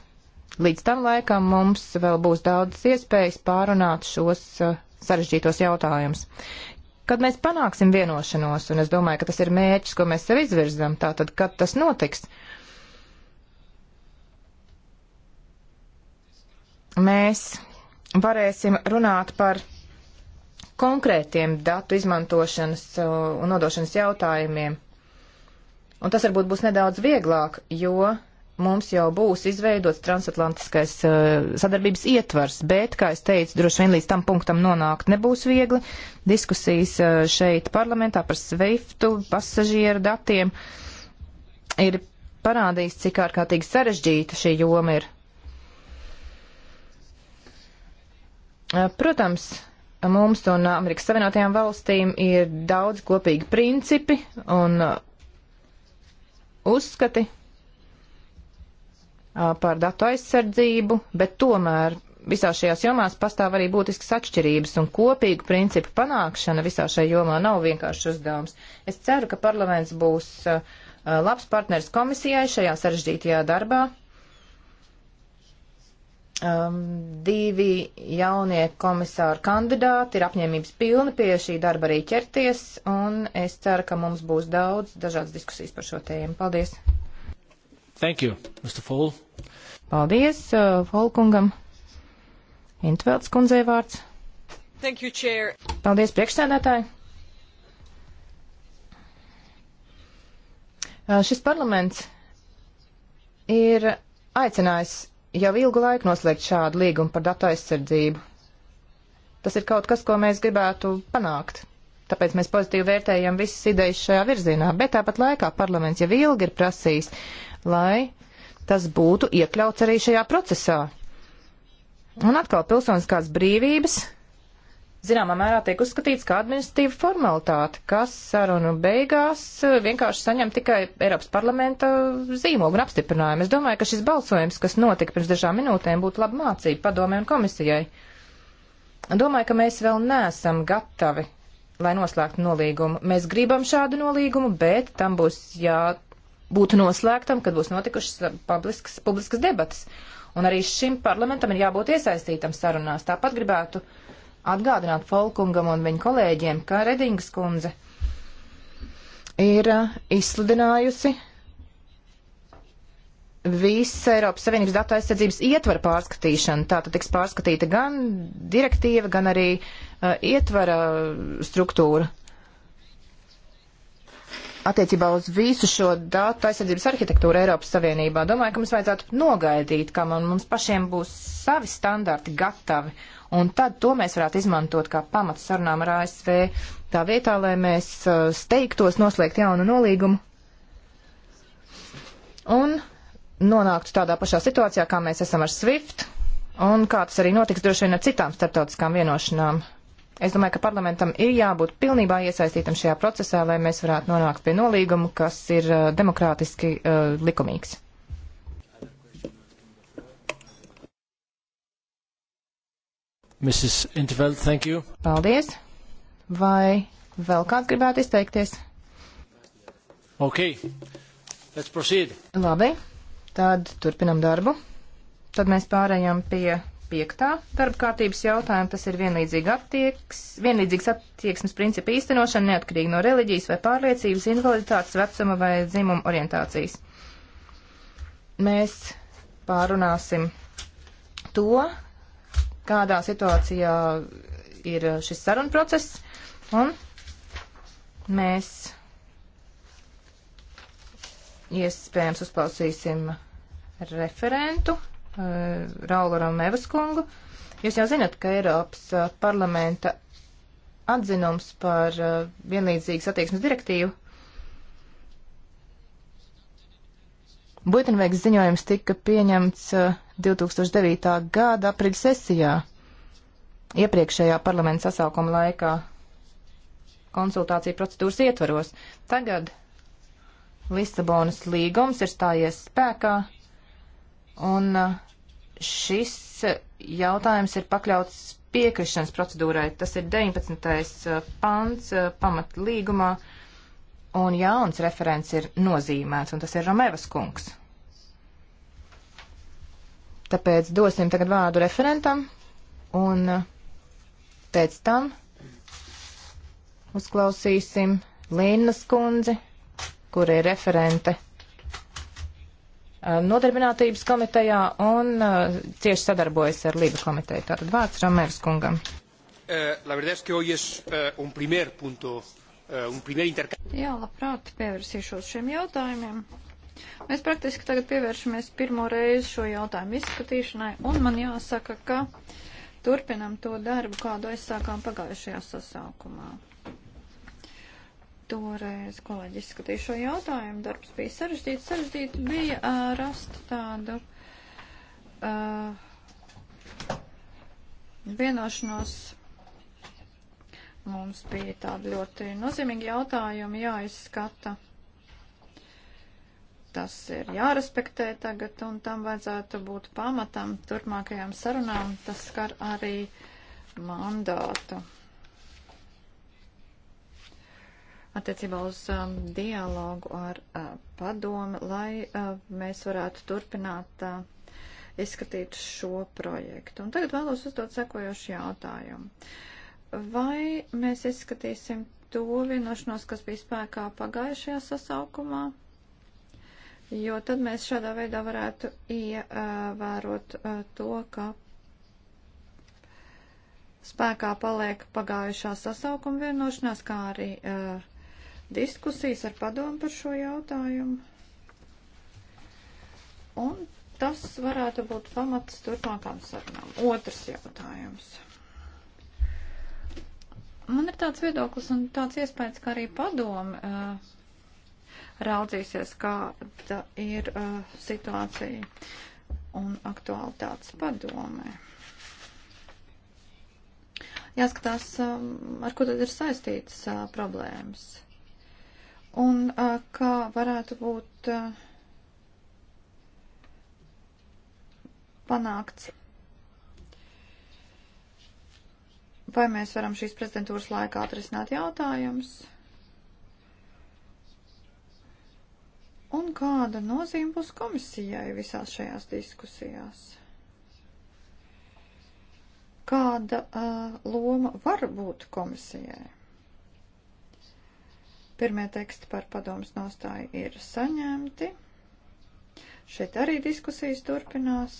līdz tam laikam mums vēl būs daudz iespējas pārunāt šos uh, sarežģītos jautājumus. Kad mēs panāksim vienošanos, un es domāju, ka tas ir mērķis, ko mēs sev izvirzam, tātad, kad tas notiks, mēs varēsim runāt par konkrētiem datu izmantošanas uh, un nodošanas jautājumiem, Un tas varbūt būs nedaudz vieglāk, jo mums jau būs izveidots transatlantiskais uh, sadarbības ietvars, bet, kā es teicu, droši vien līdz tam punktam nonākt nebūs viegli. Diskusijas uh, šeit parlamentā par Swiftu, pasažieru datiem ir parādījis, cik ārkārtīgi sarežģīta šī joma ir. Uh, protams, mums un Amerikas Savienotajām valstīm ir daudz kopīgi principi un uh, uzskati par datu aizsardzību, bet tomēr visās šajās jomās pastāv arī būtiskas atšķirības un kopīgu principu panākšana visā šajā jomā nav vienkāršs uzdevums. Es ceru, ka parlaments būs labs partners komisijai šajā sarežģītajā darbā Um, divi jaunie komisāri kandidāti ir apņēmības pilni pie šī darba arī ķerties, un es ceru, ka mums būs daudz dažādas diskusijas par šo tēmu. Paldies! Thank you, Mr. Fall. Paldies, uh, Folkungam. Intvelds kundzei vārds. Thank you, Chair. Paldies, priekšsēdētāji. Uh, šis parlaments ir aicinājis jau ilgu laiku noslēgt šādu līgumu par datu aizsardzību. Tas ir kaut kas, ko mēs gribētu panākt. Tāpēc mēs pozitīvi vērtējam visas idejas šajā virzienā, bet tāpat laikā parlaments jau ilgi ir prasījis, lai tas būtu iekļauts arī šajā procesā. Un atkal pilsoniskās brīvības zināmā mērā tiek uzskatīts kā administratīva formalitāte, kas sarunu beigās eh, vienkārši saņem tikai Eiropas parlamenta eh, zīmogu un apstiprinājumu. Es domāju, ka šis balsojums, kas notika pirms dažām minūtēm, būtu laba mācība padomē un komisijai. Domāju, ka mēs vēl neesam gatavi, lai noslēgtu nolīgumu. Mēs gribam šādu nolīgumu, bet tam būs jābūt noslēgtam, kad būs notikušas eh, publiskas, publiskas debatas. Un arī šim parlamentam ir jābūt iesaistītam sarunās. Tāpat gribētu uh, atgādināt Folkungam un viņa kolēģiem, ka Redingas kundze ir uh, izsludinājusi visu Eiropas Savienības datu aizsardzības ietvaru pārskatīšanu. Tā tad tiks pārskatīta gan direktīva, gan arī uh, ietvara uh, struktūra attiecībā uz visu šo datu aizsardzības arhitektūru Eiropas Savienībā. Domāju, ka mums vajadzētu nogaidīt, ka man, mums pašiem būs savi standarti gatavi, un tad to mēs varētu izmantot kā pamatu sarunām ar ASV, tā vietā, lai mēs uh, steigtos noslēgt jaunu nolīgumu un nonāktu tādā pašā situācijā, kā mēs esam ar SWIFT, un kā tas arī notiks droši vien ar citām starptautiskām vienošanām Es domāju, ka parlamentam ir jābūt pilnībā iesaistītam šajā procesā, lai mēs varētu nonākt pie nolīguma, kas ir uh, demokrātiski uh, likumīgs. Mrs. Interveld, thank you. Paldies. Vai vēl kāds gribētu izteikties? Ok, let's proceed. Labi, tad turpinam darbu. Tad mēs pārējām pie piektā darba kārtības jautājuma. Tas ir vienlīdzīga attieks, vienlīdzīgas attieksmes principa īstenošana neatkarīgi no reliģijas vai pārliecības, invaliditātes, vecuma vai dzimuma orientācijas. Mēs pārunāsim to, kādā situācijā ir šis saruna process, un mēs iespējams uzklausīsim referentu Eh, Raulu Romevas kungu. Jūs jau zinat, ka Eiropas eh, parlamenta atzinums par eh, vienlīdzīgas attieksmes direktīvu Buitenveiks ziņojums tika pieņemts 2009. gada aprīļa sesijā, iepriekšējā parlamenta sasaukuma laikā, konsultāciju procedūras ietvaros. Tagad Lisabonas līgums ir stājies spēkā Un uh, šis jautājums ir pakļauts piekrišanas procedūrai. Tas ir 19. Uh, pants uh, pamat līgumā, un jauns referents ir nozīmēts, un tas ir Romevas kungs. Tāpēc dosim tagad vārdu referentam, un pēc tam uzklausīsim Līnas kundzi, kur ir referente Um, nodarbinātības komitejā un uh, cieši sadarbojas ar Lība komiteju. Tātad vārds Romērs kungam. Uh, es, uh, un punto, eh, un Jā, labprāt pievērsīšos šiem jautājumiem. Mēs praktiski tagad pievēršamies pirmo reizi šo jautājumu izskatīšanai, un man jāsaka, ka turpinam to darbu, kādu aizsākām pagājušajā sasaukumā. Toreiz kolēģi izskatīja šo jautājumu, darbs bija sarežģīts, sarežģīti bija uh, rast tādu uh, vienošanos. Mums bija tādi ļoti nozīmīgi jautājumi jāizskata. Tas ir jārespektē tagad, un tam vajadzētu būt pamatam turpmākajām sarunām. Tas skar arī mandātu attiecībā uz um, dialogu ar uh, padomi, lai uh, mēs varētu turpināt uh, izskatīt šo projektu. Un tagad vēlos uzdot sekojošu jautājumu. Vai mēs izskatīsim to vienošanos, kas bija spēkā pagājušajā sasaukumā? Jo tad mēs šādā veidā varētu ievērot uh, to, ka spēkā paliek pagājušā sasaukuma vienošanās, kā arī uh, diskusijas ar padomu par šo jautājumu. Un tas varētu būt pamats turpmākām sarunām. Otrs jautājums. Man ir tāds viedoklis un tāds iespējas, ka arī padomu uh, raudzīsies, kāda ir uh, situācija un aktualitātes padomē. Jāskatās, um, ar ko tad ir saistītas uh, problēmas un uh, kā varētu būt uh, panākts. Vai mēs varam šīs prezidentūras laikā atrisināt jautājumus? Un kāda nozīme būs komisijai visās šajās diskusijās? Kāda uh, loma var būt komisijai? Pirmie teksti par padomus nostāju ir saņemti. Šeit arī diskusijas turpinās.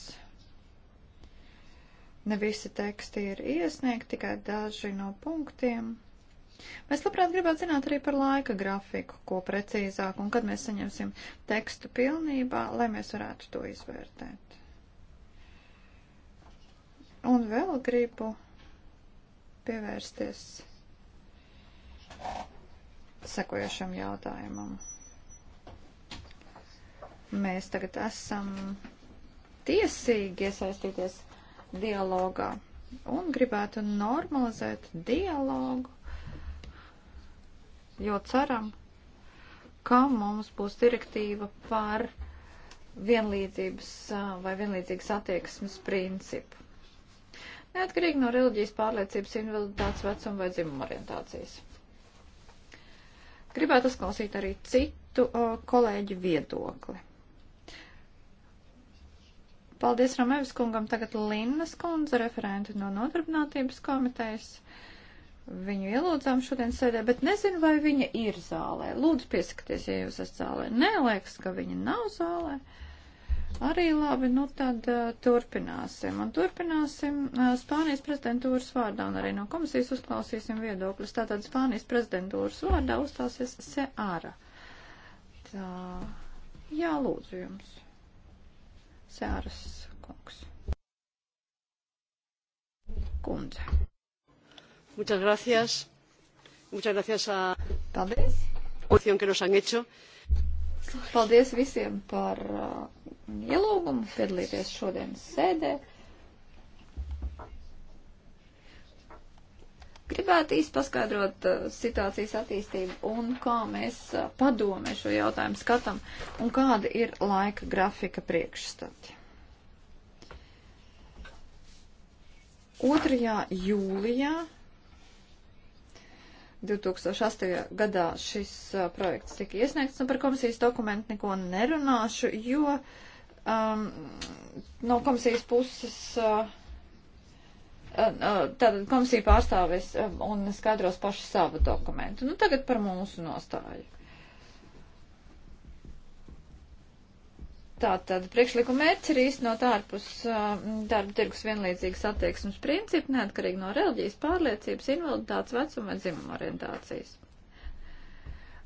Ne visi teksti ir iesniegti, tikai daži no punktiem. Mēs labprāt gribētu zināt arī par laika grafiku, ko precīzāk un kad mēs saņemsim tekstu pilnībā, lai mēs varētu to izvērtēt. Un vēl gribu pievērsties sekojošam jautājumam. Mēs tagad esam tiesīgi iesaistīties dialogā un gribētu normalizēt dialogu, jo ceram, ka mums būs direktīva par vienlīdzības vai vienlīdzīgas attieksmes principu. Neatkarīgi no reliģijas pārliecības, invaliditātes vecuma vai dzimuma orientācijas. Gribētu uzklausīt arī citu uh, kolēģu viedokli. Paldies Romēvis kungam, tagad Linnas kundze, referenti no nodarbinātības komitejas. Viņu ielūdzām šodien sēdē, bet nezinu, vai viņa ir zālē. Lūdzu, piesakieties, ja jūs esat zālē. Nē, liekas, ka viņa nav zālē. Uh, Arī labi, nu tad uh, turpināsim. Un turpināsim uh, Spānijas prezidentūras vārdā un arī no komisijas uzklausīsim viedokļus. Tātad Spānijas prezidentūras vārdā uzstāsies Seāra. Tā, jā, lūdzu jums. Seāras kungs. Kundze. Muchas gracias. Muchas gracias a. Paldies. Que nos han hecho. Paldies visiem par. Uh, ielūgumu piedalīties šodienas sēdē. Gribētu īsti paskaidrot uh, situācijas attīstību un kā mēs uh, padomē šo jautājumu skatām un kāda ir laika grafika priekšstati. 2. jūlijā 2008. gadā šis uh, projekts tika iesniegts un par komisijas dokumentu neko nerunāšu, jo uh, um, no komisijas puses. Uh, uh, uh Tātad komisija pārstāvēs um, un skaidros pašu savu dokumentu. Nu, tagad par mūsu nostāju. Tātad priekšlikuma mērķis ir īstenot ārpus um, darba tirgus vienlīdzīgas attieksmes principu, neatkarīgi no reliģijas, pārliecības, invaliditātes, vecuma vai dzimuma orientācijas.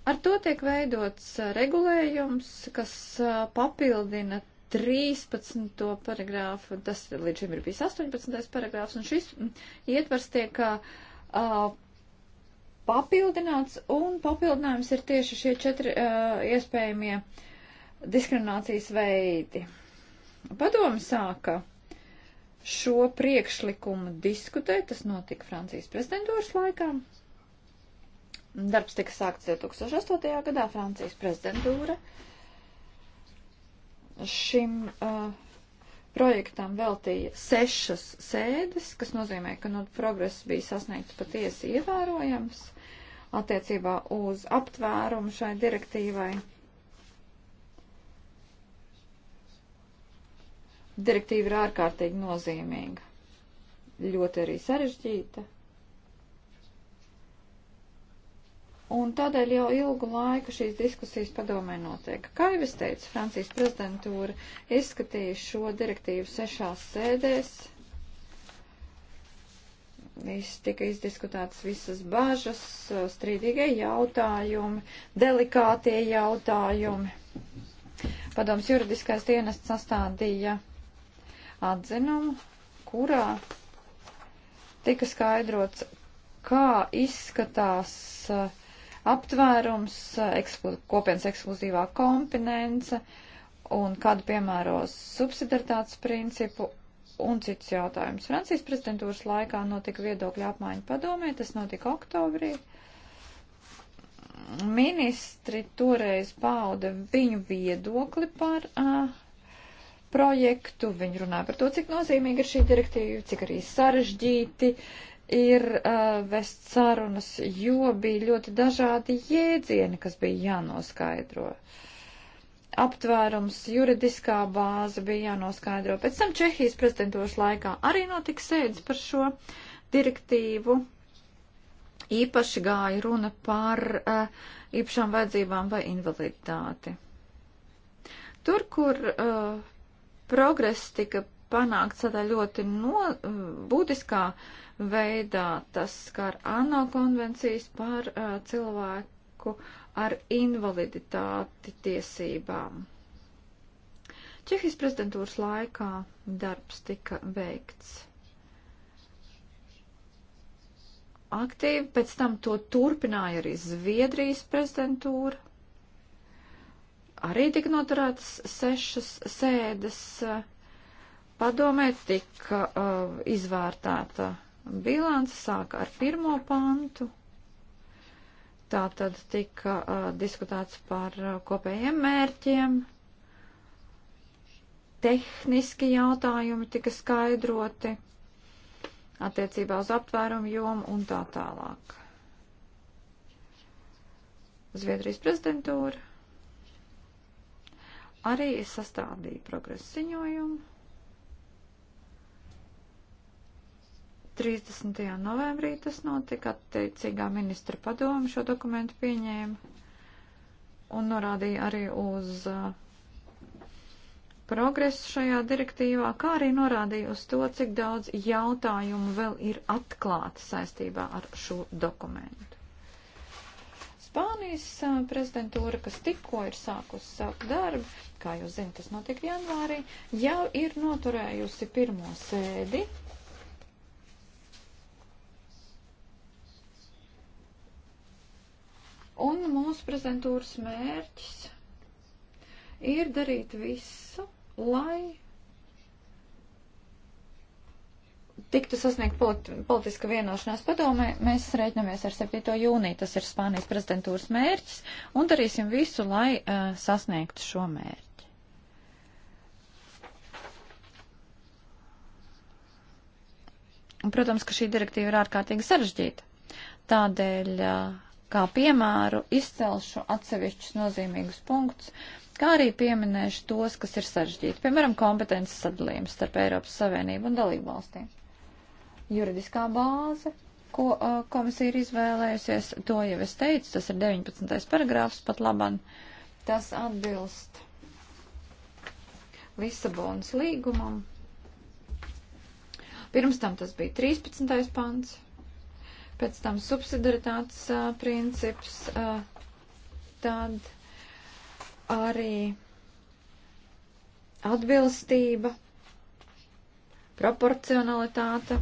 Ar to tiek veidots uh, regulējums, kas papildina 13. paragrāfu, tas līdz šim ir bijis 18. paragrāfs, un šis mm, ietvars tiek uh, papildināts, un papildinājums ir tieši šie četri uh, iespējamie diskriminācijas veidi. Padomi sāka šo priekšlikumu diskutēt, tas notika Francijas prezidentūras laikā. Darbs tika sākts 2008. gadā Francijas prezidentūra. Uh, šim uh, projektam veltīja sešas sēdes, kas nozīmē, ka nu, progress bija sasniegts patiesi ievērojams attiecībā uz aptvērumu šai direktīvai. Direktīva ir ārkārtīgi nozīmīga, ļoti arī sarežģīta. Un tādēļ jau ilgu laiku šīs diskusijas padomē notiek. Kā jau es teicu, Francijas prezidentūra izskatīja šo direktīvu sešās sēdēs. Viss tika izdiskutētas visas bažas, strīdīgie jautājumi, delikātie jautājumi. Padoms juridiskais dienests sastādīja atzinumu, kurā tika skaidrots, kā izskatās uh, aptvērums, eksklu, kopienas ekskluzīvā komponence un kādu piemēros subsidaritātes principu un cits jautājums. Francijas prezidentūras laikā notika viedokļa apmaiņa padomē, tas notika oktobrī. Ministri toreiz pauda viņu viedokli par uh, projektu, viņi runāja par to, cik nozīmīga ir šī direktīva, cik arī sarežģīti ir uh, vest sarunas, jo bija ļoti dažādi jēdzieni, kas bija jānoskaidro. Aptvērums, juridiskā bāze bija jānoskaidro. Pēc tam Čehijas prezidentūras laikā arī notika sēdes par šo direktīvu. Īpaši gāja runa par uh, īpašām vajadzībām vai invaliditāti. Tur, kur uh, progress tika panākts tādā ļoti no, uh, būtiskā veidā. Tas skar ANO konvencijas par uh, cilvēku ar invaliditāti tiesībām. Čehijas prezidentūras laikā darbs tika veikts. Aktīvi pēc tam to turpināja arī Zviedrijas prezidentūra. Arī tika noturētas sešas sēdes uh, Padomē tika uh, izvērtēta bilance, sāka ar pirmo pantu. Tā tad tika uh, diskutēts par uh, kopējiem mērķiem. Tehniski jautājumi tika skaidroti attiecībā uz aptvērumu jomu un tā tālāk. Zviedrijas prezidentūra arī sastādīja progresa ziņojumu. 30. novembrī tas notika, attiecīgā ministra padoma šo dokumentu pieņēma un norādīja arī uz uh, progresu šajā direktīvā, kā arī norādīja uz to, cik daudz jautājumu vēl ir atklāti saistībā ar šo dokumentu. Spānijas uh, prezidentūra, kas tikko ir sākusi savu darbu, kā jūs zinat, tas notiek janvārī, jau ir noturējusi pirmo sēdi Un mūsu prezentūras mērķis ir darīt visu, lai tiktu sasniegt polit politiska vienošanās padomē. Mēs rēķinamies ar 7. jūniju, tas ir Spānijas prezidentūras mērķis, un darīsim visu, lai uh, sasniegtu šo mērķi. Un, protams, ka šī direktīva ir ārkārtīgi sarežģīta. Tādēļ uh, kā piemēru izcelšu atsevišķus nozīmīgus punktus, kā arī pieminēšu tos, kas ir sarežģīti, piemēram, kompetences sadalījums starp Eiropas Savienību un dalību valstīm. Juridiskā bāze, ko uh, komisija ir izvēlējusies, to jau es teicu, tas ir 19. paragrāfs pat laban, tas atbilst Lisabonas līgumam. Pirms tam tas bija 13. pants pēc tam subsidaritātes princips, tad arī atbilstība, proporcionalitāte.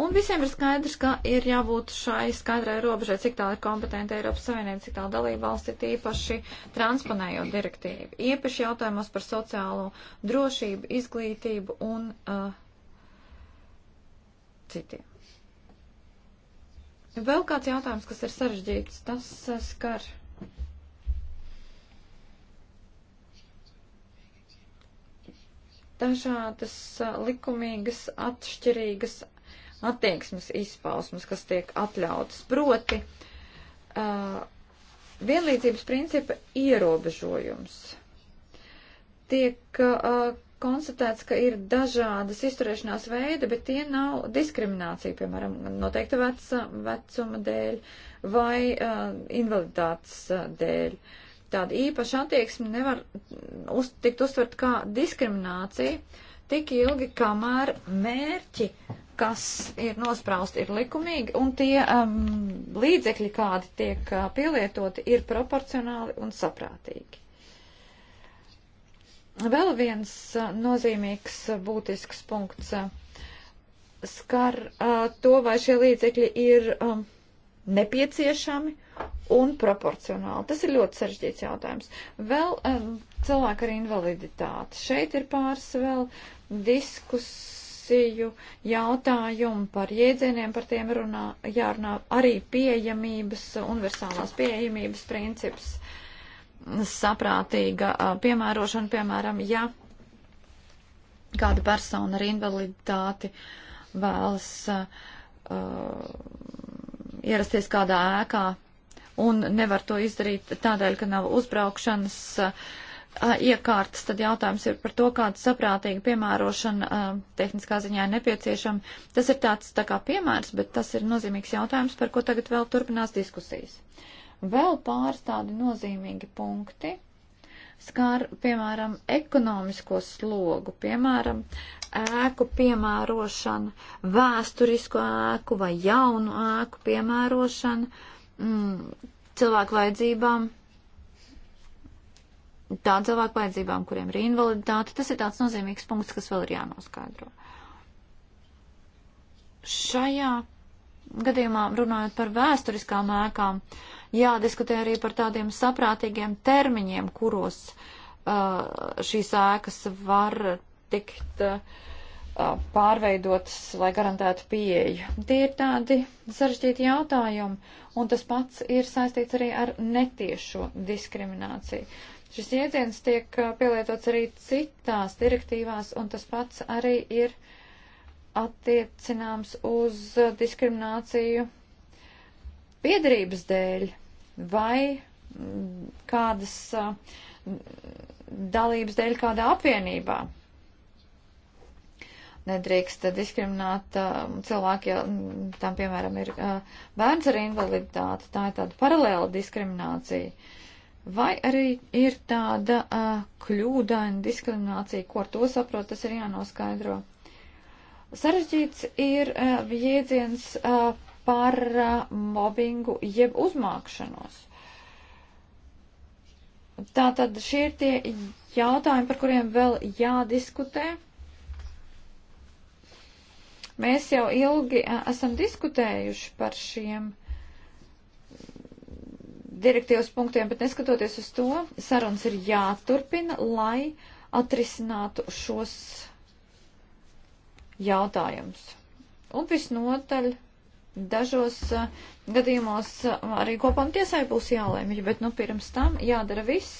Un visiem ir skaidrs, ka ir jābūt šai skaidrai robežai, cik tālu ir kompetenta Eiropas Savienība, cik tālu dalība valsts ir tīpaši transponējot direktīvu. Iepaši jautājumos par sociālo drošību, izglītību un uh, citiem. Vēl kāds jautājums, kas ir sarežģīts, tas eh, skar. Dažādas eh, likumīgas, atšķirīgas attieksmes izpausmes, kas tiek atļautas. Proti, uh, vienlīdzības principa ierobežojums tiek uh, konstatēts, ka ir dažādas izturēšanās veidi, bet tie nav diskriminācija, piemēram, noteikta veca, vecuma dēļ vai uh, invaliditātes uh, dēļ. Tāda īpaša attieksme nevar uz, tikt uztvert kā diskriminācija tik ilgi, kamēr mērķi, kas ir nosprausti, ir likumīgi, un tie um, līdzekļi, kādi tiek uh, pielietoti, ir proporcionāli un saprātīgi. Vēl viens nozīmīgs būtisks punkts skar to, vai šie līdzekļi ir nepieciešami un proporcionāli. Tas ir ļoti sarežģīts jautājums. Vēl cilvēki ar invaliditāti. Šeit ir pāris vēl diskusiju jautājumu par jēdzieniem, par tiem runā, jārunā arī pieejamības, universālās pieejamības princips. Uh, saprātīga piemērošana, piemēram, ja kāda persona ar invaliditāti vēlas uh, ierasties kādā ēkā un nevar to izdarīt tādēļ, ka nav uzbraukšanas uh, iekārtas, tad jautājums ir par to, kāda saprātīga piemērošana uh, tehniskā ziņā ir nepieciešama. Tas ir tāds tā kā piemērs, bet tas ir nozīmīgs jautājums, par ko tagad vēl turpinās diskusijas. Uh, Vēl pāris tādi nozīmīgi punkti skār, piemēram, ekonomisko slogu, piemēram, ēku piemērošanu, vēsturisko ēku vai jaunu ēku piemērošanu mm, cilvēku vajadzībām, tādu cilvēku vajadzībām, kuriem ir invaliditāte. Tas ir tāds nozīmīgs punkts, kas vēl ir jānoskaidro. Šajā gadījumā runājot par vēsturiskām ēkām, uh, jādiskutē arī par tādiem saprātīgiem termiņiem, kuros uh, šīs ēkas var tikt uh, pārveidotas, lai garantētu pieeju. Tie ir tādi sarežģīti jautājumi, un tas pats ir saistīts arī ar netiešo diskrimināciju. Šis jēdziens tiek uh, pielietots arī citās direktīvās, un tas pats arī ir attiecināms uz diskrimināciju piedarības dēļ vai mm, kādas dalības dēļ kādā apvienībā. Nedrīkst diskriminēt cilvēki, ja tam, piemēram, ir bērns ar invaliditāti. Tā ir tāda paralēla diskriminācija. Vai arī ir tāda kļūdaina diskriminācija, ko ar to saprot, tas ir jānoskaidro. Sarežģīts ir jēdziens par uh, mobbingu jeb uzmākšanos. Tātad šie ir tie jautājumi, par kuriem vēl jādiskutē. Mēs jau ilgi uh, esam diskutējuši par šiem direktīvas punktiem, bet neskatoties uz to, sarunas ir jāturpina, lai atrisinātu šos jautājumus. Un visnotaļ dažos eh, gadījumos eh, arī kopām tiesai būs jālēmj, bet nu pirms tam jādara viss,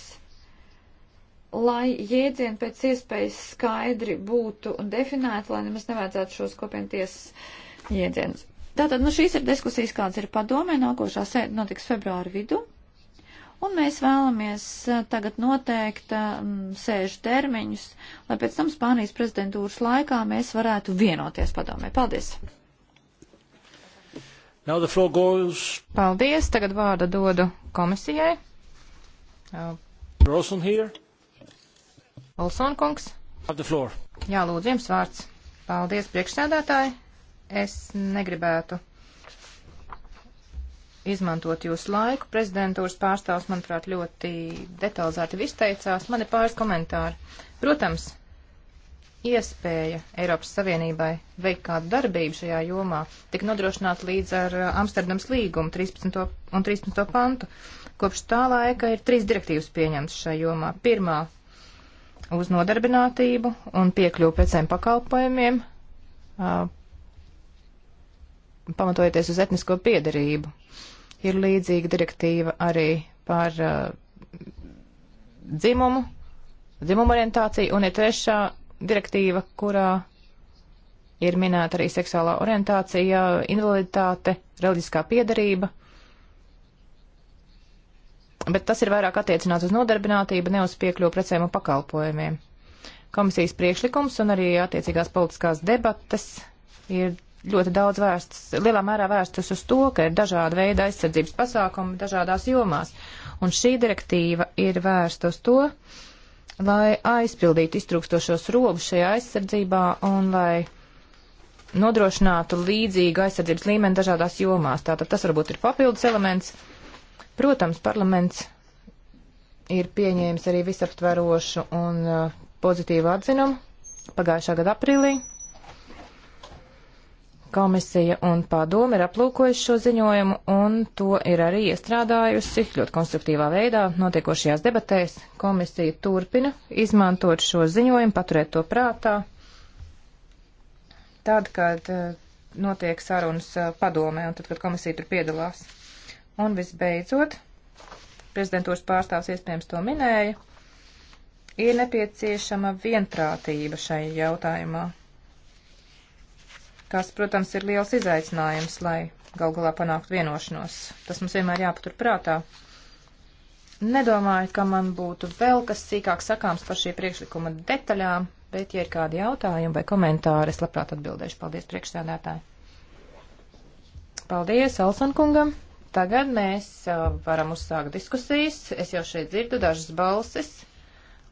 lai jēdzieni pēc iespējas skaidri būtu definēti, lai nemaz nevajadzētu šos kopienu tiesas jēdzienus. Tātad, nu šīs ir diskusijas, kāds ir padomē, nākošā sēde notiks februāra vidu. Un mēs vēlamies eh, tagad noteikt um, sēžu termiņus, lai pēc tam Spānijas prezidentūras laikā mēs varētu vienoties padomē. Paldies! Goes... Paldies. Tagad vārdu dodu komisijai. Uh, Olson here. Olson kungs. Jā, lūdzu, jums vārds. Paldies, priekšsēdētāji. Es negribētu izmantot jūsu laiku. Prezidentūras pārstāvs, manuprāt, ļoti detalizēti izteicās. Man ir pāris komentāri. Protams, iespēja Eiropas Savienībai veikt kādu darbību šajā jomā tik nodrošināt līdz ar uh, Amsterdams līgumu 13. un 13. pantu. Kopš tā laika ir trīs direktīvas pieņemtas šajā jomā. Pirmā uz nodarbinātību un piekļuvu precēm pakalpojumiem, uh, pamatojoties uz etnisko piedarību. Ir līdzīga direktīva arī par uh, dzimumu, dzimumu orientāciju, un ir trešā direktīva, kurā ir minēta arī seksuālā orientācija, invaliditāte, reliģiskā piedarība. Bet tas ir vairāk attiecināts uz nodarbinātību, ne uz piekļuvu precēm un pakalpojumiem. Komisijas priekšlikums un arī attiecīgās politiskās debates ir ļoti daudz vērstas, lielā mērā vērstas uz to, ka ir dažāda veida aizsardzības pasākumi dažādās jomās. Un šī direktīva ir vērsta uz to, uh, lai aizpildītu iztrūkstošos rogus šajā aizsardzībā un lai nodrošinātu līdzīgu aizsardzības līmeni dažādās jomās. Tātad tas varbūt ir papildus elements. Protams, parlaments ir pieņēmis arī visaptverošu un uh, pozitīvu atzinumu pagājušā gada aprīlī Komisija un padome ir aplūkojuši šo ziņojumu un to ir arī iestrādājusi ļoti konstruktīvā veidā notiekošajās debatēs. Komisija turpina izmantot šo ziņojumu, paturēt to prātā. Tad, kad eh, notiek sarunas eh, padomē un tad, kad komisija tur piedalās. Un visbeidzot, prezidentūras pārstāvs iespējams to minēja, ir nepieciešama vienprātība šai jautājumā kas, protams, ir liels izaicinājums, lai gal galā panāktu vienošanos. Tas mums vienmēr jāpatur prātā. Nedomāju, ka man būtu vēl kas sīkāk sakāms par šī priekšlikuma detaļām, bet, ja ir kādi jautājumi vai komentāri, es labprāt atbildēšu. Paldies, priekšsēdētāji! Paldies Elsonkungam! Tagad mēs uh, varam uzsākt diskusijas. Es jau šeit dzirdu dažas balsis.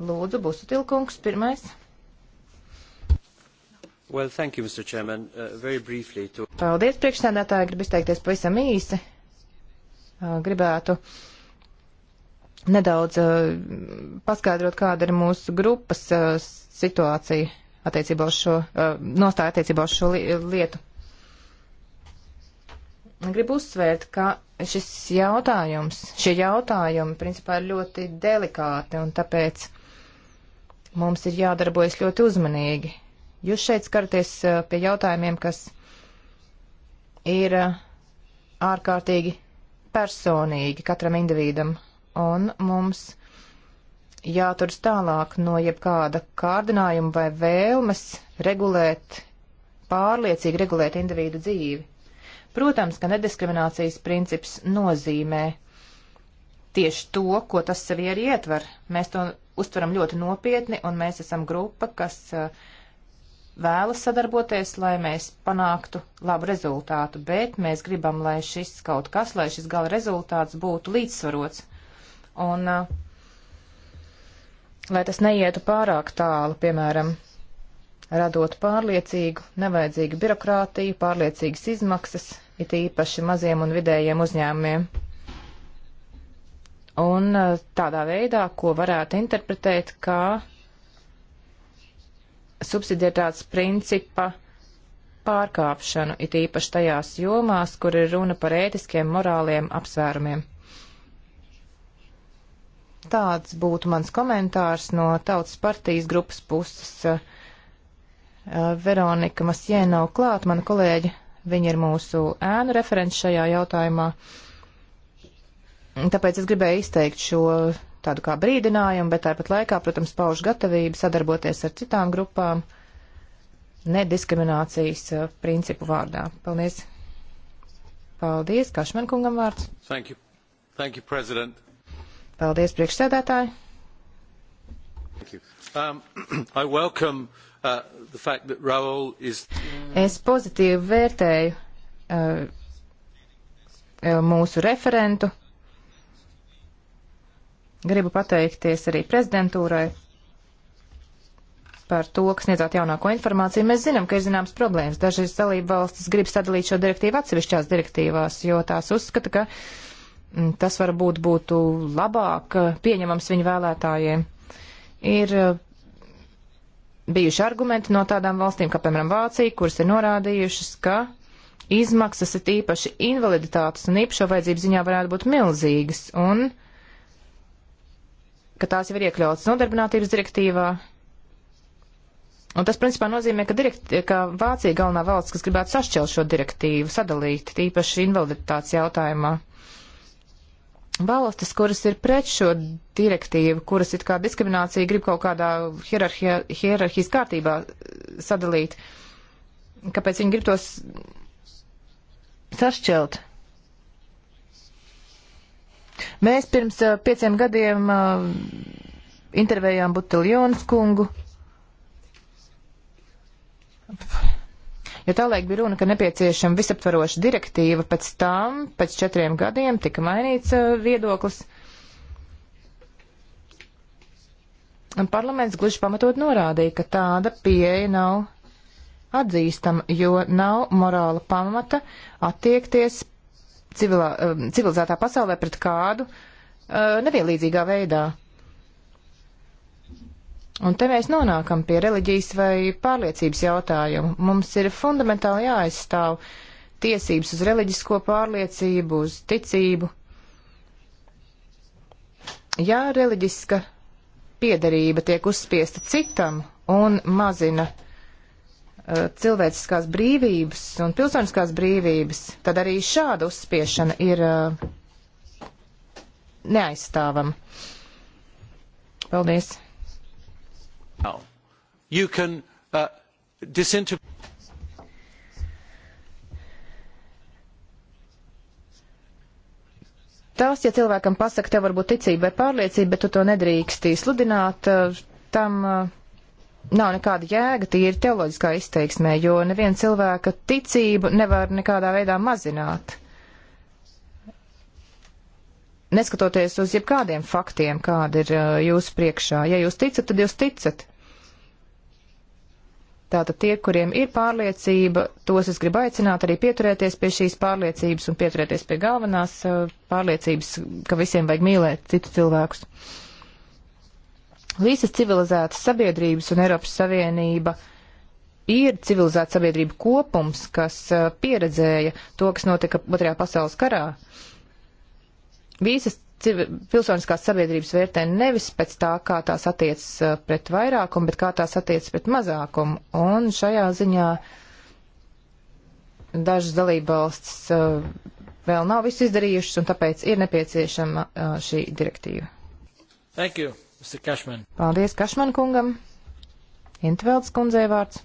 Lūdzu, Busutilkungs pirmais. Well, thank you, Mr. Chairman. Uh, very briefly to... Paldies, priekšsēdētāji. Gribu izteikties pavisam īsi. Uh, gribētu nedaudz uh, paskaidrot, kāda ir mūsu grupas uh, situācija attiecībā uz šo, uh, nostāja attiecībā uz šo li lietu. Gribu uzsvērt, ka šis jautājums, šie jautājumi principā ir ļoti delikāti un tāpēc mums ir jādarbojas ļoti uzmanīgi Jūs šeit skaraties eh, pie jautājumiem, kas ir eh, ārkārtīgi personīgi katram individam, un mums jāturas tālāk no jebkāda kārdinājuma vai vēlmes regulēt, pārliecīgi regulēt individu dzīvi. Protams, ka nediskriminācijas princips nozīmē tieši to, ko tas sevi arī ietver. Mēs to uztveram ļoti nopietni, un mēs esam grupa, kas uh, vēlas sadarboties, lai mēs panāktu labu rezultātu, bet mēs gribam, lai šis kaut kas, lai šis gala rezultāts būtu līdzsvarots. Un uh, lai tas neietu pārāk tālu, piemēram, radot pārliecīgu, nevajadzīgu birokrātiju, pārliecīgas izmaksas, it īpaši maziem un vidējiem uzņēmumiem. Un tādā veidā, ko varētu interpretēt kā subsidietāts principa pārkāpšanu, it īpaši tajās jomās, kur ir runa par ētiskiem, morāliem apsvērumiem. Tāds būtu mans komentārs no Tautas partijas grupas puses. Eh, Veronika Masjē nav klāt, mana kolēģa, viņa ir mūsu ēnu referents šajā jautājumā. Tāpēc es gribēju izteikt šo tādu kā brīdinājumu, bet tāpat laikā, protams, pauž gatavību sadarboties ar citām grupām nediskriminācijas uh, principu vārdā. Paldies! Paldies, Kašman kungam vārds. Thank you. Thank you, President. Paldies, priekšsēdētāji. Um, I welcome uh, the fact that Raul is. Es pozitīvi vērtēju uh, mūsu referentu Gribu pateikties arī prezidentūrai par to, ka sniedzāt jaunāko informāciju. Mēs zinām, ka ir zināmas problēmas. Dažas dalība valstis grib sadalīt šo direktīvu atsevišķās direktīvās, jo tās uzskata, ka mm, tas varbūt būtu labāk eh, pieņemams viņu vēlētājiem. Ir eh, bijuši argumenti no tādām valstīm, kā piemēram Vācija, kuras ir norādījušas, ka izmaksas ir īpaši invaliditātes un īpašo vajadzību ziņā varētu būt milzīgas. Un uh, ka tās jau ir iekļautas nodarbinātības direktīvā. Un tas, principā, nozīmē, ka, direkt, ka Vācija galvenā valsts, kas gribētu sašķelt šo direktīvu, sadalīt, tīpaši invaliditātes jautājumā. Valstis, kuras ir pret šo direktīvu, kuras it kā diskriminācija grib kaut kādā hierarhijas kārtībā sadalīt, kāpēc viņi grib tos sašķelt? Mēs pirms pieciem gadiem intervējām Buteljons kungu. Jo ja tālaik bija runa, ka nepieciešama visaptvaroša direktīva, pēc tam, pēc četriem gadiem, tika mainīts viedoklis. Un parlaments gluži pamatot norādīja, ka tāda pieeja nav atzīstama, jo nav morāla pamata attiekties civilā, um, civilizētā pasaulē pret kādu uh, nevienlīdzīgā veidā. Un te mēs nonākam pie reliģijas vai pārliecības jautājumu. Mums ir fundamentāli jāaizstāv tiesības uz reliģisko pārliecību, uz ticību. Ja reliģiska piedarība tiek uzspiesta citam un mazina uh, Uh, cilvēciskās brīvības un pilsoniskās brīvības, tad arī šāda uzspiešana ir uh, neaizstāvama. Paldies. Can, uh, disinter... Tās, ja cilvēkam pasaka, tev varbūt ticība vai pārliecība, bet tu to nedrīksti sludināt, uh, tam uh, nav nekāda jēga tīri teoloģiskā izteiksmē, jo neviena cilvēka ticību nevar nekādā veidā mazināt. Neskatoties uz jebkādiem faktiem, kāda ir uh, jūsu priekšā, ja jūs ticat, tad jūs ticat. Tātad tie, kuriem ir pārliecība, tos es gribu aicināt arī pieturēties pie šīs pārliecības un pieturēties pie galvenās uh, pārliecības, ka visiem vajag mīlēt citu cilvēkus. Visas civilizētas sabiedrības un Eiropas Savienība ir civilizēta sabiedrība kopums, kas uh, pieredzēja to, kas notika Otrajā pasaules karā. Visas pilsoniskās sabiedrības vērtē nevis pēc tā, kā tās attiec uh, pret vairākumu, bet kā tās attiec pret mazākumu. Un šajā ziņā dažas dalībvalstis uh, vēl nav visu izdarījušas, un tāpēc ir nepieciešama šī direktīva. Thank you. Kašman. Paldies Kašman kungam. Intvelds kundzei vārds.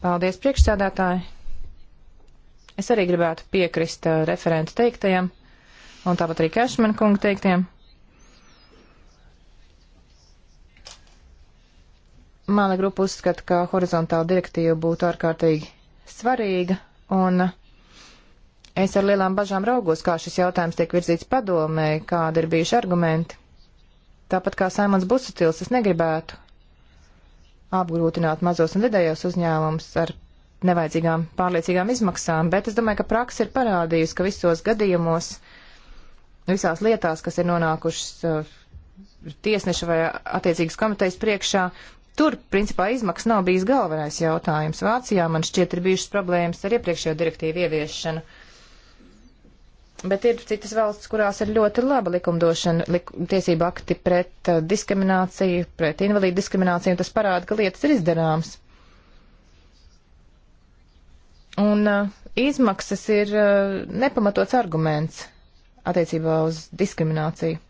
Paldies priekšsēdētāji. Es arī gribētu piekrist uh, referentu teiktajam un tāpat arī Kašman kunga teiktiem. Mana grupa uzskata, ka horizontāla direktīva būtu ārkārtīgi svarīga un es ar lielām bažām raugos, kā šis jautājums tiek virzīts padomē, kādi ir bijuši argumenti. Tāpat kā Saimons Busutils, es negribētu apgrūtināt mazos un vidējos uzņēmumus ar nevajadzīgām pārliecīgām izmaksām, bet es domāju, ka praksa ir parādījusi, ka visos gadījumos, visās lietās, kas ir nonākušas uh, tiesneša vai attiecīgas komitejas priekšā, tur, principā, izmaksas nav bijis galvenais jautājums. Vācijā man šķiet ir bijušas problēmas ar iepriekšējo direktīvu ieviešanu. Uh, Bet ir citas valsts, kurās ir ļoti laba likumdošana, lik, tiesība akti pret uh, diskrimināciju, pret invalīdu diskrimināciju, un tas parāda, ka lietas ir izdarāmas. Un uh, izmaksas ir uh, nepamatots arguments attiecībā uz diskrimināciju.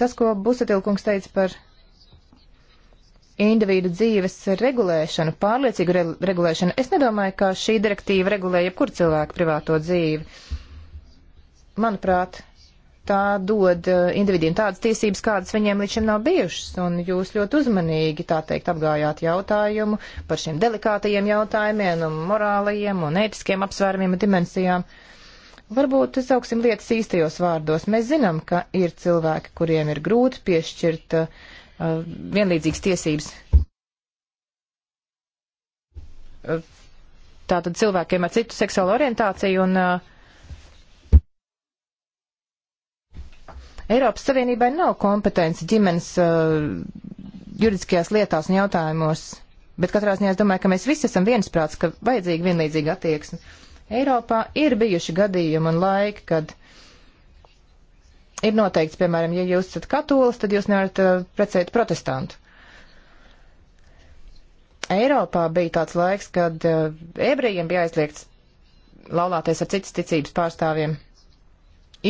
Tas, ko Busatilkungs teica par individu dzīves regulēšanu, pārliecīgu re regulēšanu. Es nedomāju, ka šī direktīva regulē jebkuru cilvēku privāto dzīvi. Manuprāt, tā dod uh, individiem tādas tiesības, kādas viņiem līdz šim nav bijušas, un jūs ļoti uzmanīgi, tā teikt, apgājāt jautājumu par šiem delikātajiem jautājumiem, un morālajiem un ētiskiem apsvērumiem un dimensijām. Varbūt sauksim lietas īstajos vārdos. Mēs zinām, ka ir cilvēki, kuriem ir grūti piešķirt uh, Uh, vienlīdzīgas tiesības. Uh, tātad cilvēkiem ar citu seksuālu orientāciju un uh, Eiropas Savienībai nav kompetence ģimenes uh, juridiskajās lietās un jautājumos, bet katrā ziņā es domāju, ka mēs visi esam viensprāts, ka vajadzīga vienlīdzīga attieksme. Eiropā ir bijuši gadījumi un laiki, kad ir noteikts, piemēram, ja jūs esat katolis, tad jūs nevarat uh, precēt protestantu. Eiropā bija tāds laiks, kad uh, ebrejiem bija aizliegts laulāties ar citas ticības pārstāvjiem.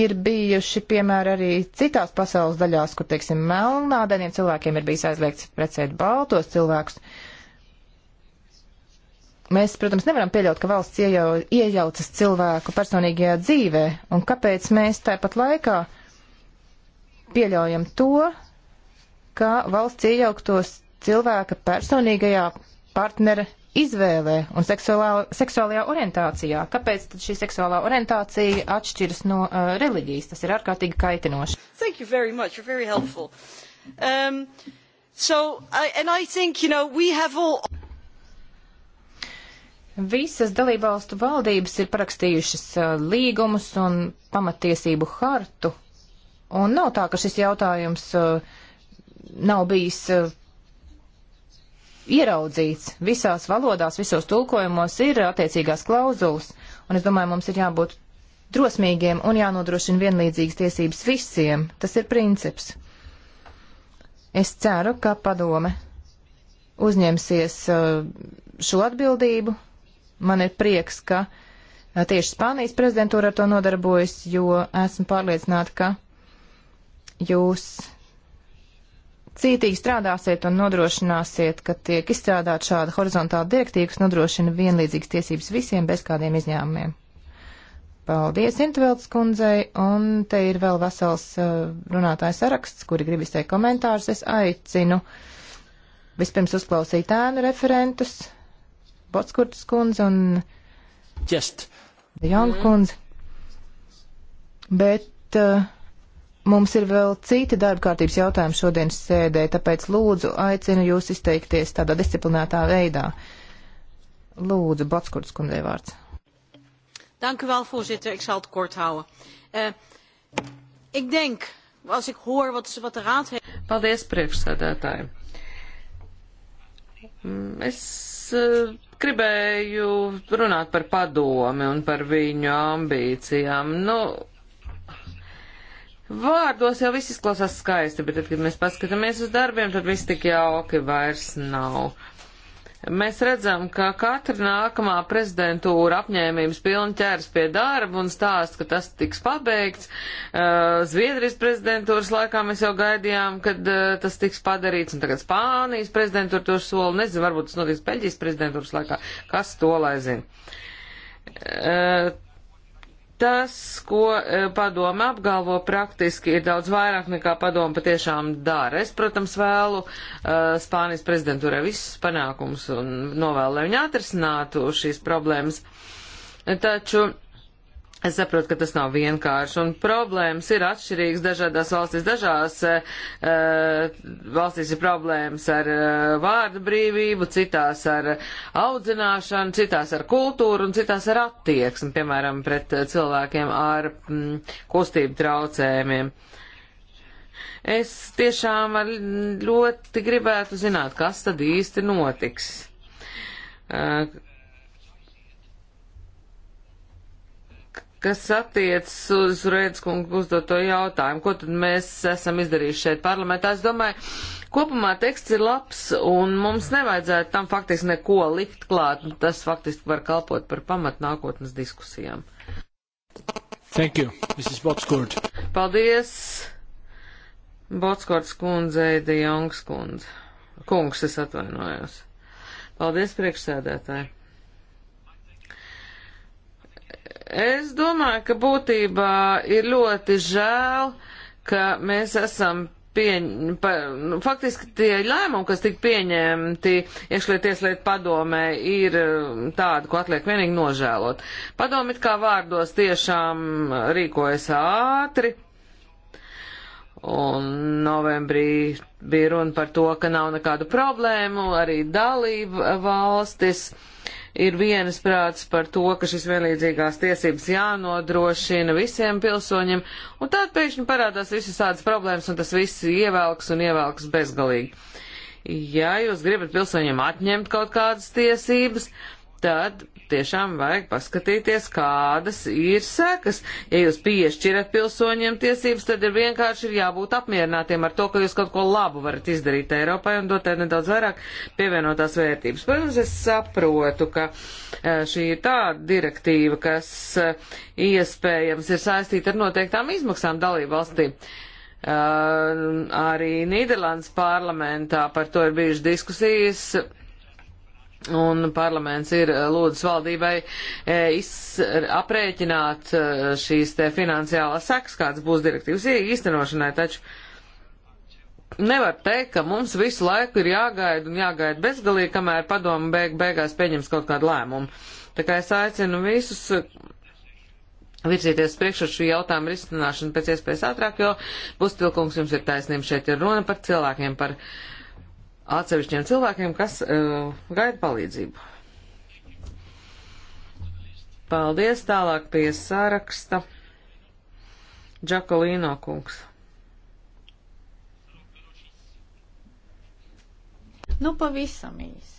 Ir bijuši, piemēram, arī citās pasaules daļās, kur, teiksim, melnādainiem cilvēkiem ir bijis aizliegts precēt baltos cilvēkus. Mēs, protams, nevaram pieļaut, ka valsts iejau, iejaucas cilvēku personīgajā dzīvē, un kāpēc mēs tāpat laikā uh, pieļaujam to, ka valsts iejauktos cilvēka personīgajā partnera izvēlē un seksuālā, seksuālajā orientācijā. Kāpēc tad šī seksuālā orientācija atšķiras no uh, reliģijas? Tas ir ārkārtīgi kaitinoši. Thank you very much. You're very helpful. Um, so, I, and I think, you know, we have all... Visas dalībvalstu valdības ir parakstījušas uh, līgumus un pamatiesību hartu Un nav tā, ka šis jautājums uh, nav bijis uh, ieraudzīts. Visās valodās, visos tulkojumos ir attiecīgās klauzulas, un es domāju, mums ir jābūt drosmīgiem un jānodrošina vienlīdzīgas tiesības visiem. Tas ir princips. Es ceru, ka padome uzņemsies uh, šo atbildību. Man ir prieks, ka tieši Spānijas prezidentūra ar to nodarbojas, jo esmu pārliecināta, ka jūs cītīgi strādāsiet un nodrošināsiet, ka tiek izstrādāt šāda horizontāla direktīva, kas nodrošina vienlīdzīgas tiesības visiem bez kādiem izņēmumiem. Paldies Intveldes kundzei, un te ir vēl vesels uh, runātājs saraksts, kuri grib izteikt komentārus. Es aicinu vispirms uzklausīt ēnu referentus, Botskurtas kundze un Just. Janka kundze. Bet uh, Mums ir vēl citi darba kārtības jautājumi šodienas sēdē, tāpēc lūdzu aicinu jūs izteikties tādā disciplinētā veidā. Lūdzu, Batskurts kundzei vārds. Dank u wel, voorzitter. Ik zal het kort houden. Uh, ik denk, als ik hoor wat, wat de raad heeft... Paldies, priekšsēdētāji. Mm, es uh, gribēju runāt par padomi un par viņu ambīcijām. Nu, Vārdos jau viss izklausās skaisti, bet tad, kad mēs paskatāmies uz darbiem, tad viss tik jauki vairs nav. Mēs redzam, ka katra nākamā prezidentūra apņēmības pilni ķērs pie darba un stāst, ka tas tiks pabeigts. Uh, Zviedrijas prezidentūras laikā mēs jau gaidījām, kad uh, tas tiks padarīts, un tagad Spānijas prezidentūra to soli. Nezinu, varbūt tas notiks Beļģijas prezidentūras laikā. Kas to lai zina? Uh, Tas, ko e, padoma apgalvo praktiski, ir daudz vairāk nekā padoma patiešām dara. Es, protams, vēlu uh, Spānijas prezidentūrē visus panākumus un novēlu, lai viņi atrisinātu šīs problēmas. Taču uh, Es saprotu, ka tas nav vienkārši, un problēmas ir atšķirīgas dažādās valstīs. Dažās uh, valstīs ir problēmas ar uh, vārdu brīvību, citās ar audzināšanu, citās ar kultūru un citās ar attieksmi, piemēram, pret uh, cilvēkiem ar mm, kustību traucējumiem. Es tiešām ļoti gribētu zināt, kas tad īsti notiks. Uh, kas attiecas uz Rēdskungu uzdoto jautājumu, ko tad mēs esam izdarījuši šeit parlamentā. Es domāju, kopumā teksts ir labs un mums nevajadzētu tam faktiski neko likt klāt. Tas faktiski var kalpot par pamat nākotnes diskusijām. Thank you, Mrs. Botskort. Paldies, Botskorts kundzei, De Jongs kundze. Kungs, es atvainojos. Paldies, priekšsēdētāji. Es domāju, ka būtībā ir ļoti žēl, ka mēs esam pieņ... pa... Nu, faktiski tie lēmumi, kas tika pieņemti iekšliet tieslietu padomē, ir um, tādi, ko atliek vienīgi nožēlot. Padomi it kā vārdos tiešām rīkojas ātri. Un novembrī bija runa par to, ka nav nekādu problēmu, arī dalība valstis. Uh, ir vienas prāts par to, ka šis vienlīdzīgās tiesības jānodrošina visiem pilsoņiem, un tad pēkšņi parādās visas tādas problēmas, un tas viss ievelks un ievelks bezgalīgi. Ja jūs gribat pilsoņiem atņemt kaut kādas tiesības, tad tiešām vajag paskatīties, kādas ir sekas. Ja jūs piešķirat pilsoņiem tiesības, tad ir vienkārši ir jābūt apmierinātiem ar to, ka jūs kaut ko labu varat izdarīt Eiropai un dot nedaudz vairāk pievienotās vērtības. Protams, es saprotu, ka e, šī ir tāda direktīva, kas e, iespējams ir saistīta ar noteiktām izmaksām dalību valstīm. Uh, arī Nīderlandes parlamentā par to ir bijušas diskusijas Un parlaments ir eh, lūdzis valdībai e, aprēķināt e, šīs te finansiālās sekas, kāds būs direktīvas īstenošanai, taču nevar teikt, ka mums visu laiku ir jāgaida un jāgaida bezgalīgi, kamēr padomu beig, beigās pieņems kaut kādu lēmumu. Tā kā es aicinu visus virzīties priekš ar šī jautājuma risināšanu pēc iespējas ātrāk, jo Bustilkungs jums ir taisnība, šeit ir runa par cilvēkiem, par uh, atsevišķiem cilvēkiem, kas uh, gaida palīdzību. Paldies, tālāk pie sāraksta. Džakolīno kungs. Nu, pavisam īsi.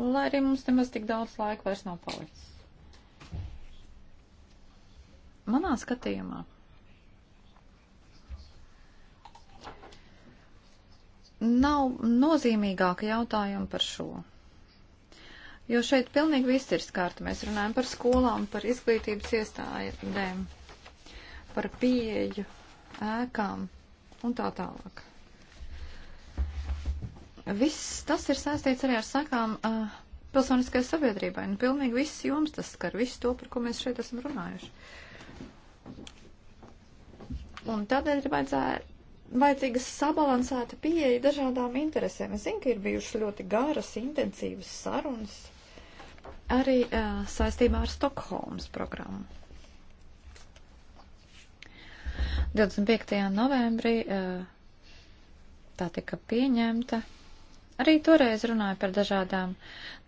Lai arī mums nemaz tik daudz laika vairs nav palicis. Manā skatījumā nav nozīmīgāka jautājuma par šo. Jo šeit pilnīgi viss ir skārta. Mēs runājam par skolām, par izglītības iestādēm, par pieeju, ēkām un tā tālāk. Viss tas ir saistīts arī ar sakām uh, pilsoniskai sabiedrībai. Nu, pilnīgi viss joms tas skar, viss to, par ko mēs šeit esam runājuši. Un tādēļ ir vajadzētu vajadzīga sabalansēta pieeja dažādām interesēm. Es zinu, ka ir bijušas ļoti garas, intensīvas sarunas arī uh, saistībā ar Stokholmas programmu. 25. novembrī uh, tā tika pieņemta. Arī toreiz runāja par dažādām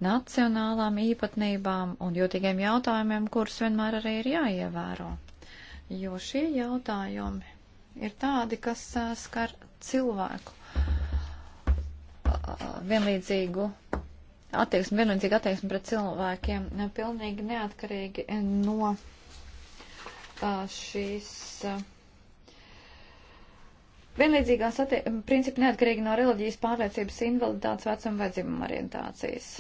nacionālām īpatnībām un jūtīgiem jautājumiem, kurus vienmēr arī ir jāievēro. Jo šie jautājumi ir tādi, kas skar cilvēku vienlīdzīgu attieksmi, vienlīdzīgu attieksmi pret cilvēkiem, pilnīgi neatkarīgi no šīs vienlīdzīgās attieksmi, principi neatkarīgi no reliģijas pārliecības, invaliditātes, vecuma vai dzimuma orientācijas.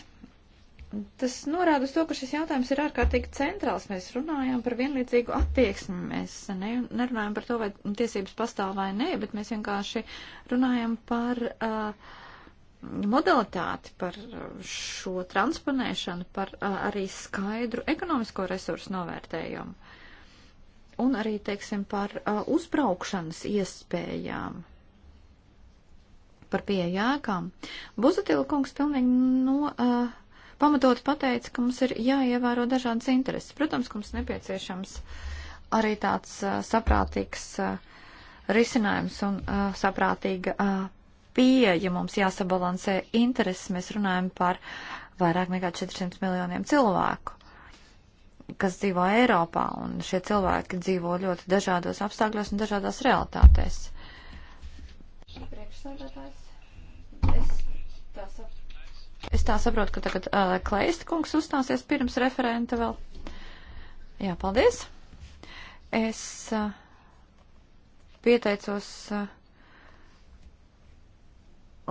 Tas norāda uz to, ka šis jautājums ir ārkārtīgi centrāls. Mēs runājam par vienlīdzīgu attieksmi. Mēs ne, nerunājam par to, vai tiesības pastāv vai nē, bet mēs vienkārši runājam par uh, modalitāti, par šo transponēšanu, par uh, arī skaidru ekonomisko resursu novērtējumu. Un arī, teiksim, par uh, uzbraukšanas iespējām par pieejākām. Buzatila kungs pilnīgi no, uh, pamatot pateica, ka mums ir jāievēro dažādas intereses. Protams, ka mums nepieciešams arī tāds uh, saprātīgs uh, risinājums un uh, saprātīga uh, pieeja. Mums jāsabalansē intereses. Mēs runājam par vairāk nekā 400 miljoniem cilvēku kas dzīvo Eiropā, un šie cilvēki dzīvo ļoti dažādos apstākļos un dažādās realitātēs. Priekšsēdētājs, es tā saprotu Es tā saprotu, ka tagad uh, Kleista kungs uzstāsies pirms referenta vēl. Jā, paldies. Es uh, pieteicos, uh,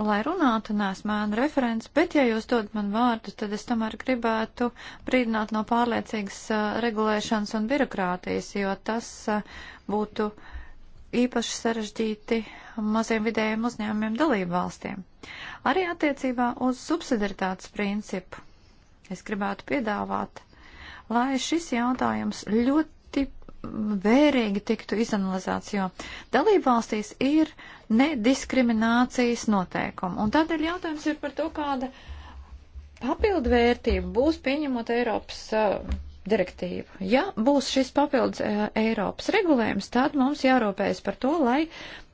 lai runātu, nesmu ēnu referents, bet ja jūs dod man vārdu, tad es tomēr gribētu brīdināt no pārliecīgas uh, regulēšanas un birokrātijas, jo tas uh, būtu uh, īpaši sarežģīti maziem vidējiem uzņēmumiem dalību valstīm. Arī attiecībā uz subsidaritātes principu es gribētu piedāvāt, lai šis jautājums ļoti vērīgi tiktu izanalizēts, jo dalību valstīs ir nediskriminācijas noteikumi. Un tādēļ jautājums ir par to, kāda papildu vērtība būs pieņemot Eiropas uh, direktīvu. Ja būs šis papildus e, Eiropas regulējums, tad mums jārūpējas par to, lai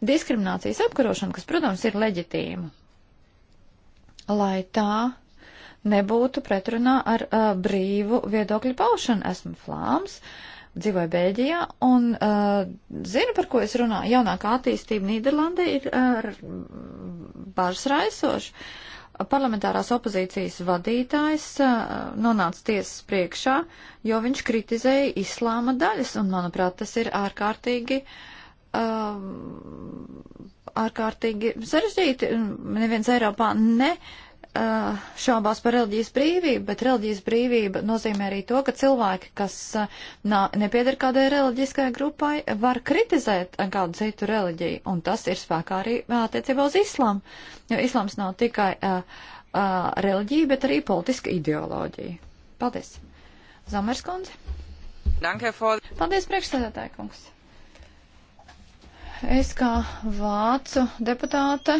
diskriminācijas apkarošana, kas, protams, ir leģitīma, lai tā nebūtu pretrunā ar uh, brīvu viedokļu paušanu. Esmu flāms, dzīvoju Bēļģijā un uh, zinu, par ko es runāju. Jaunākā attīstība Nīderlandē ir uh, bažas raisoša. Uh, parlamentārās opozīcijas vadītājs uh, nonāca tiesas priekšā, jo viņš kritizēja islāma daļas, un, manuprāt, tas ir ārkārtīgi, um, ārkārtīgi sarežģīti. Neviens Eiropā ne Uh, šaubās par reliģijas brīvību, bet reliģijas brīvība nozīmē arī to, ka cilvēki, kas uh, nepieder kādai reliģiskai grupai, var kritizēt kādu citu reliģiju, un tas ir spēkā arī uh, attiecībā uz islāmu, jo islāms nav tikai uh, uh, reliģija, bet arī politiska ideoloģija. Paldies! Zamers kundze! For... Paldies, priekšsēdētāji kungs! Es kā vācu deputāte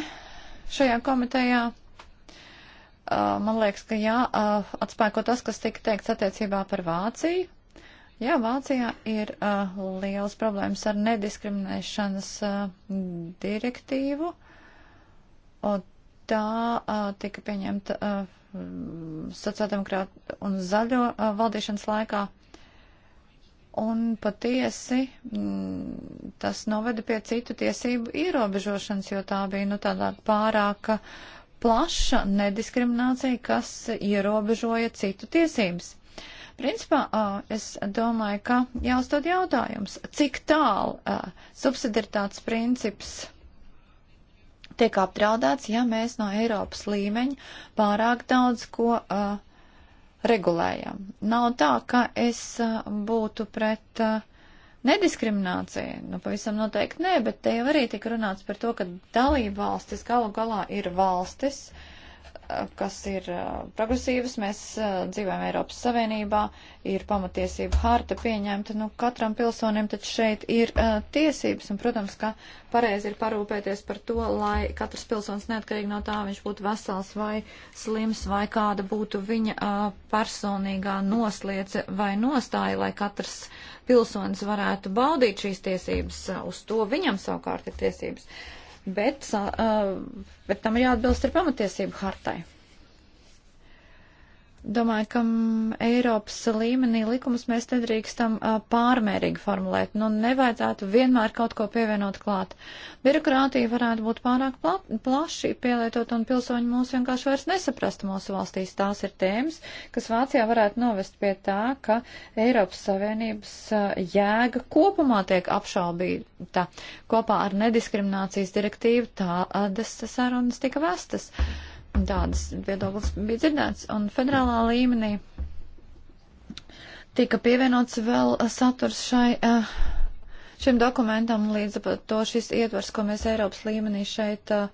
šajā komitejā Uh, man liekas, ka jā, uh, atspēko tas, kas tika teikts attiecībā par Vāciju. Jā, Vācijā ir uh, liels problēmas ar nediskriminēšanas direktīvu. Tā tika pieņemta sociāldemokrāta un zaļo valdīšanas laikā. Un patiesi mm, tas noveda pie citu tiesību ierobežošanas, jo tā bija nu, tādā pārāka uh, plaša nediskriminācija, kas ierobežoja citu tiesības. Principā es domāju, ka jāuzdod jautājums, cik tālu subsidiaritātes princips tiek apdraudēts, ja mēs no Eiropas līmeņa pārāk daudz ko uh, regulējam. Nav tā, ka es uh, būtu pret uh, Nediskriminācija, nu pavisam noteikti nē, bet te jau arī tika runāts par to, ka dalība valstis galu galā ir valstis, uh, kas ir progresīvas, mēs dzīvojam Eiropas Savienībā, ir pamatiesība harta pieņemta, nu katram pilsonim taču šeit ir uh, tiesības, un, protams, ka pareizi ir parūpēties par to, lai katrs pilsonis neatkarīgi no tā, viņš būtu vesels vai slims, vai kāda būtu viņa uh, personīgā nosliece vai nostāja, lai katrs pilsonis varētu baudīt šīs tiesības, uz to viņam savukārt ir tiesības. Uh, bet, uh, bet tam ir jāatbilst ar pamatiesību hartai domāju, ka mm, Eiropas līmenī likumus mēs nedrīkstam pārmērīgi formulēt. Nu, nevajadzētu vienmēr kaut ko pievienot klāt. Birokrātija varētu būt pārāk pla plaši pielietot, un pilsoņi mūs vienkārši vairs nesaprastu mūsu valstīs. Tās ir tēmas, kas Vācijā varētu novest pie tā, ka Eiropas Savienības jēga kopumā tiek apšaubīta. Kopā ar nediskriminācijas direktīvu tādas sarunas tika vestas. Uh, Tādas viedoklis bija dzirdēts. Un federālā līmenī tika pievienots vēl eh, saturs šai. Uh, šim dokumentam līdz to šis ietvars, ko mēs Eiropas līmenī šeit uh,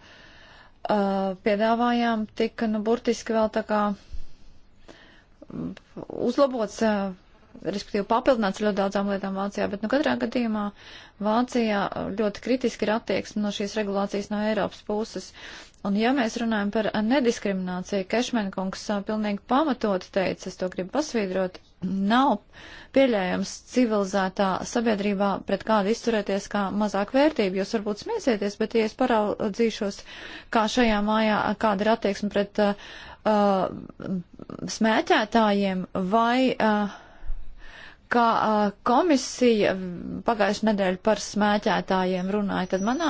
piedāvājām, tika nu burtiski vēl tā kā mm, uzlabots, uh, respektīvi papildināts ļoti daudzām lietām Vācijā, bet nu katrā gadījumā Vācijā ļoti kritiski ir attieksme no šīs regulācijas no Eiropas puses. Un ja mēs runājam par nediskrimināciju, Kešmenkungs pilnīgi pamatot teica, es to gribu pasvīdrot, nav pieļējams civilizētā sabiedrībā pret kādu izturēties kā mazāk vērtību. Jūs varbūt smiesieties, bet ja es paraudzīšos, kā šajā mājā, kāda ir attieksme pret uh, smēķētājiem vai. Uh, ka komisija pagājušajā nedēļā par smēķētājiem runāja, tad manā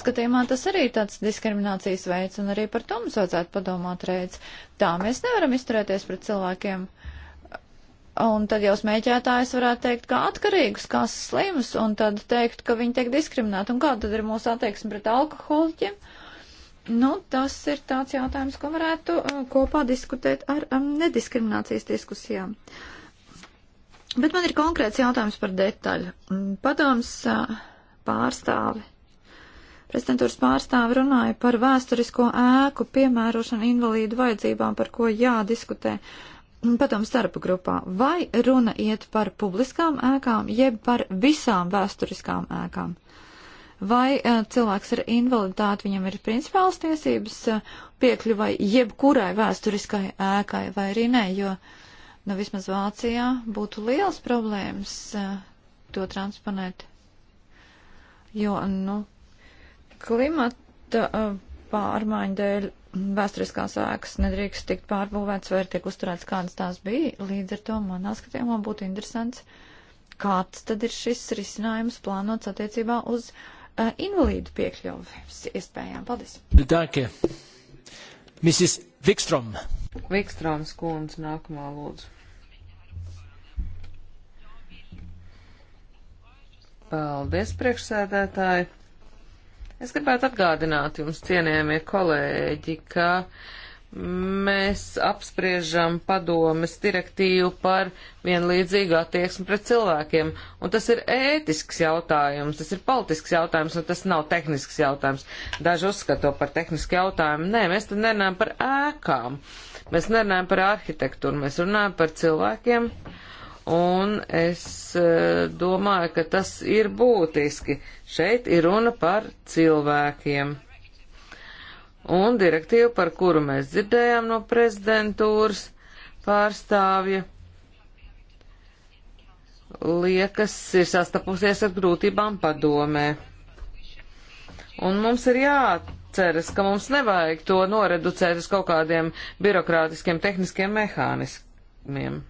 skatījumā tas arī tāds diskriminācijas veids, un arī par to mums vajadzētu padomāt reiz. Tā mēs nevaram izturēties pret cilvēkiem. Un tad jau smēķētājs varētu teikt, kā atkarīgus, kā slims, un tad teikt, ka viņi tiek diskriminēti. Un kāda tad ir mūsu attieksme pret alkoholiķiem? Nu, tas ir tāds jautājums, ko varētu kopā diskutēt ar um, nediskriminācijas diskusijām. Uh, Bet man ir konkrēts jautājums par detaļu. Mm, padoms pārstāvi. Prezidentūras pārstāvi runāja par vēsturisko ēku piemērošanu invalīdu vajadzībām, par ko jādiskutē mm, padomu starpa grupā. Vai runa iet par publiskām ēkām, jeb par visām vēsturiskām ēkām? Vai uh, cilvēks ar invaliditāti viņam ir principāls tiesības uh, piekļuvai jebkurai vēsturiskai ēkai vai arī nē, jo uh, nu vismaz Vācijā būtu liels problēmas eh, to transponēt. Jo, nu, klimata eh, pārmaiņu dēļ vēsturiskās ēkas nedrīkst tikt pārbūvēts vai tiek uzturēts kādas tās bija. Līdz ar to manā skatījumā būtu interesants, kāds tad ir šis risinājums plānots attiecībā uz uh, invalīdu piekļuvi iespējām. Paldies! Dākie. Mrs. Vikstrom. Vikstroms kundze nākamā lūdzu. Paldies, priekšsēdētāji. Es gribētu atgādināt jums, cienējamie kolēģi, ka uh, mēs apspriežam padomes direktīvu par vienlīdzīgu attieksmi pret cilvēkiem. Un tas ir ētisks jautājums, tas ir politisks jautājums, un tas nav tehnisks jautājums. Daži uzskato par tehnisku jautājumu. Nē, mēs te nerunājam par ēkām, mēs nerunājam par arhitektūru, mēs runājam par cilvēkiem. Un es e, domāju, ka tas ir būtiski. Šeit ir runa par cilvēkiem. Un direktīva, par kuru mēs dzirdējām no prezidentūras pārstāvja, liekas, ir sastapusies ar grūtībām padomē. Un mums ir jāatceras, ka mums nevajag to noreducēt uz kaut kādiem birokrātiskiem tehniskiem mehānismiem.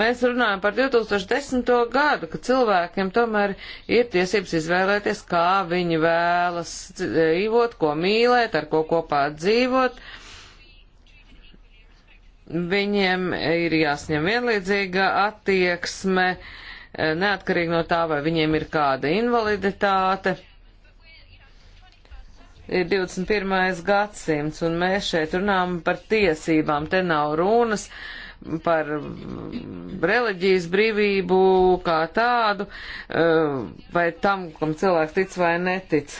Mēs runājam par 2010. gadu, ka cilvēkiem tomēr ir tiesības izvēlēties, kā viņi vēlas dzīvot, ko mīlēt, ar ko kopā dzīvot. Viņiem ir jāsņem vienlīdzīga attieksme, neatkarīgi no tā, vai viņiem ir kāda invaliditāte ir 21. gadsimts, un mēs šeit runājam par tiesībām. Te nav runas par reliģijas brīvību kā tādu, eh, vai tam, kam cilvēks tic vai netic.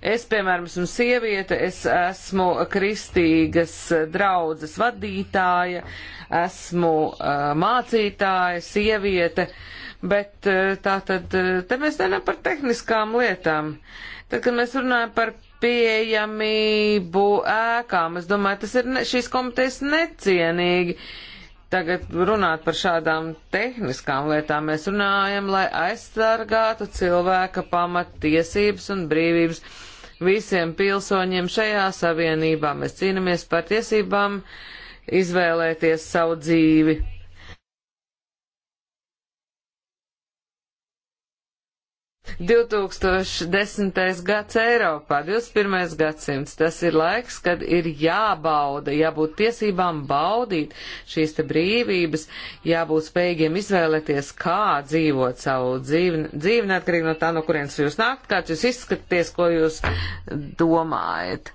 Es, piemēram, esmu sieviete, es esmu kristīgas draudzes vadītāja, esmu uh, mācītāja, sieviete, bet uh, eh, tā tad, te mēs runājam par tehniskām lietām. Tad, kad mēs runājam par pieejamību ēkām. Es domāju, tas ir ne, šīs komitejas necienīgi. Tagad runāt par šādām tehniskām lietām mēs runājam, lai aizsargātu cilvēka pamattiesības un brīvības visiem pilsoņiem šajā savienībā. Mēs cīnamies par tiesībām izvēlēties savu dzīvi. 2010. gads Eiropā, 21. gadsimts, tas ir laiks, kad ir jābauda, jābūt tiesībām baudīt šīs te brīvības, jābūt spējīgiem izvēlēties, kā dzīvot savu dzīvi, dzīvi neatkarīgi no tā, no kurienes jūs nākt, kāds jūs izskaties, ko jūs domājat.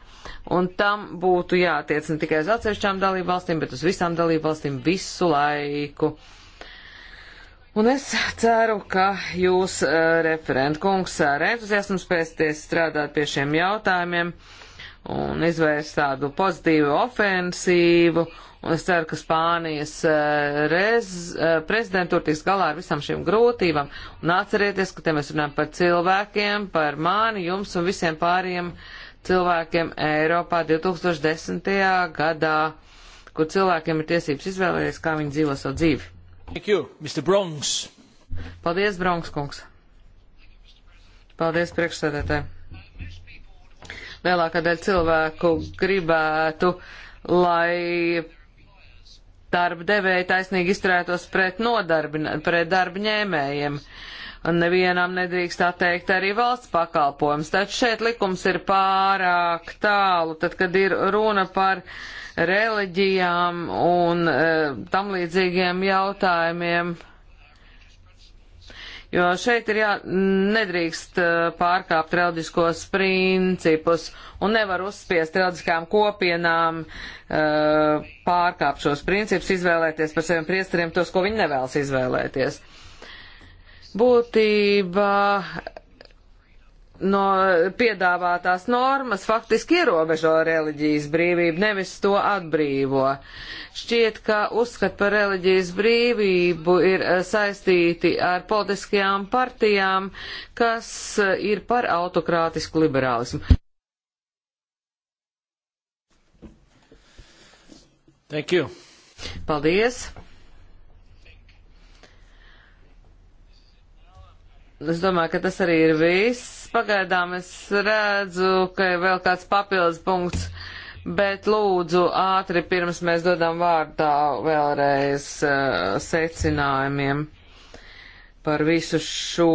Un tam būtu jātiec ne tikai uz atsevišķām dalību valstīm, bet uz visām dalību valstīm visu laiku. Uh, Un es ceru, ka jūs, eh, referent kungs, ar entuziasmu spēsties strādāt pie šiem jautājumiem un izvērst tādu pozitīvu ofensīvu. Un es ceru, ka Spānijas eh, rez, eh, prezidentūra tiks galā ar visam šīm grūtībām. Un atcerieties, ka te mēs runājam par cilvēkiem, par mani, jums un visiem pāriem cilvēkiem Eiropā 2010. gadā, kur cilvēkiem ir tiesības izvēlēties, kā viņi dzīvo savu dzīvi. Thank you, Mr. Bronx. Paldies, Bronx kungs. Paldies, priekšsēdētāji. Lielākā daļa cilvēku gribētu, lai darba devēja taisnīgi izturētos pret, nodarbina, pret darba ņēmējiem. Un nevienam nedrīkst atteikt arī valsts pakalpojums. Taču šeit likums ir pārāk tālu, tad, kad ir runa par uh, reliģijām un e, tam līdzīgiem jautājumiem. Jo šeit ir jā, nedrīkst e, pārkāpt reliģiskos principus un nevar uzspiest reliģiskām kopienām e, pārkāpt šos principus, izvēlēties par saviem priesteriem tos, ko viņi nevēlas izvēlēties. Būtībā no piedāvātās normas faktiski ierobežo reliģijas brīvību, nevis to atbrīvo. Šķiet, ka uzskat par reliģijas brīvību ir eh, saistīti ar politiskajām partijām, kas eh, ir par autokrātisku liberālismu. Thank you. Paldies. Es domāju, ka tas arī ir viss pagaidām es redzu, ka ir vēl kāds papildus punkts, bet lūdzu ātri pirms mēs dodam vārdā vēlreiz uh, secinājumiem par visu šo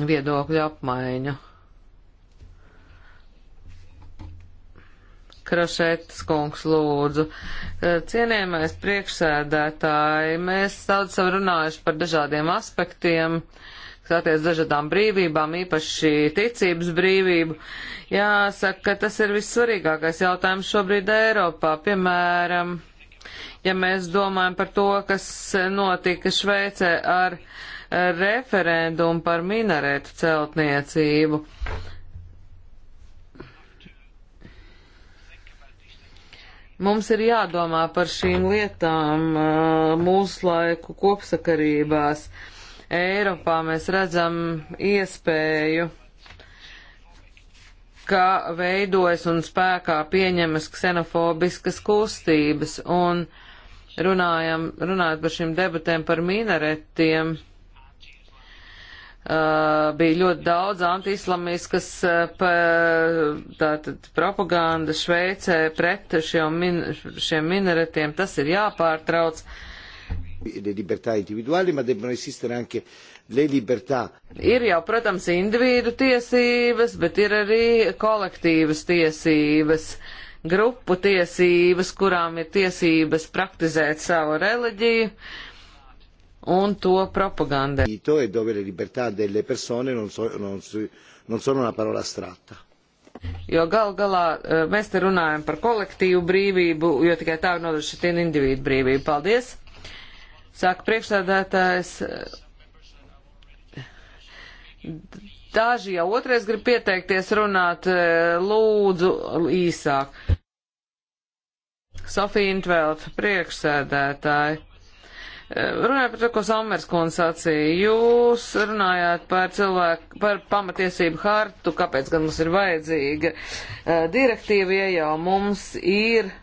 viedokļu apmaiņu. Krašētas kungs lūdzu. Eh, cienījamais priekšsēdētāji, mēs daudz savu runājuši par dažādiem aspektiem. Uh, skatoties dažādām brīvībām, īpaši ticības brīvību. Jāsaka, ka tas ir vissvarīgākais jautājums šobrīd Eiropā. Piemēram, ja mēs domājam par to, kas notika Šveicē ar referendumu par minaretu celtniecību. Mums ir jādomā par šīm lietām uh, mūsu laiku kopsakarībās. Uh, Eiropā mēs redzam iespēju, ka veidojas un spēkā pieņemas ksenofobiskas kustības un runājam, runājot par šīm debatēm par minaretiem, uh, bija ļoti daudz antislamiskas uh, tātad propaganda Šveicē pret šiem, min, šiem minaretiem. Tas ir jāpārtrauc. Uh, le libertà individuali, ma debbono esistere anche le libertà. Ir jau, protams, individu tiesības, bet ir arī kolektīvas tiesības, grupu tiesības, kurām ir tiesības praktizēt savu reliģiju un to propagandē. E dove le libertà delle persone non, so, non, so, non sono una parola astratta. Jo gal galā eh, mēs te runājam par kolektīvu brīvību, jo tikai tā ir nodrošina individu brīvību. Paldies! Saka priekšsēdētājs. Daži jau otrais grib pieteikties runāt, e, lūdzu īsāk. Sofija Intvelt, priekšsēdētāji. E, Runājot par to, ko Somers kundze sacīja, jūs runājāt par cilvēku, par pamatiesību hartu, kāpēc gan mums ir vajadzīga e, direktīva, ja jau mums ir uh,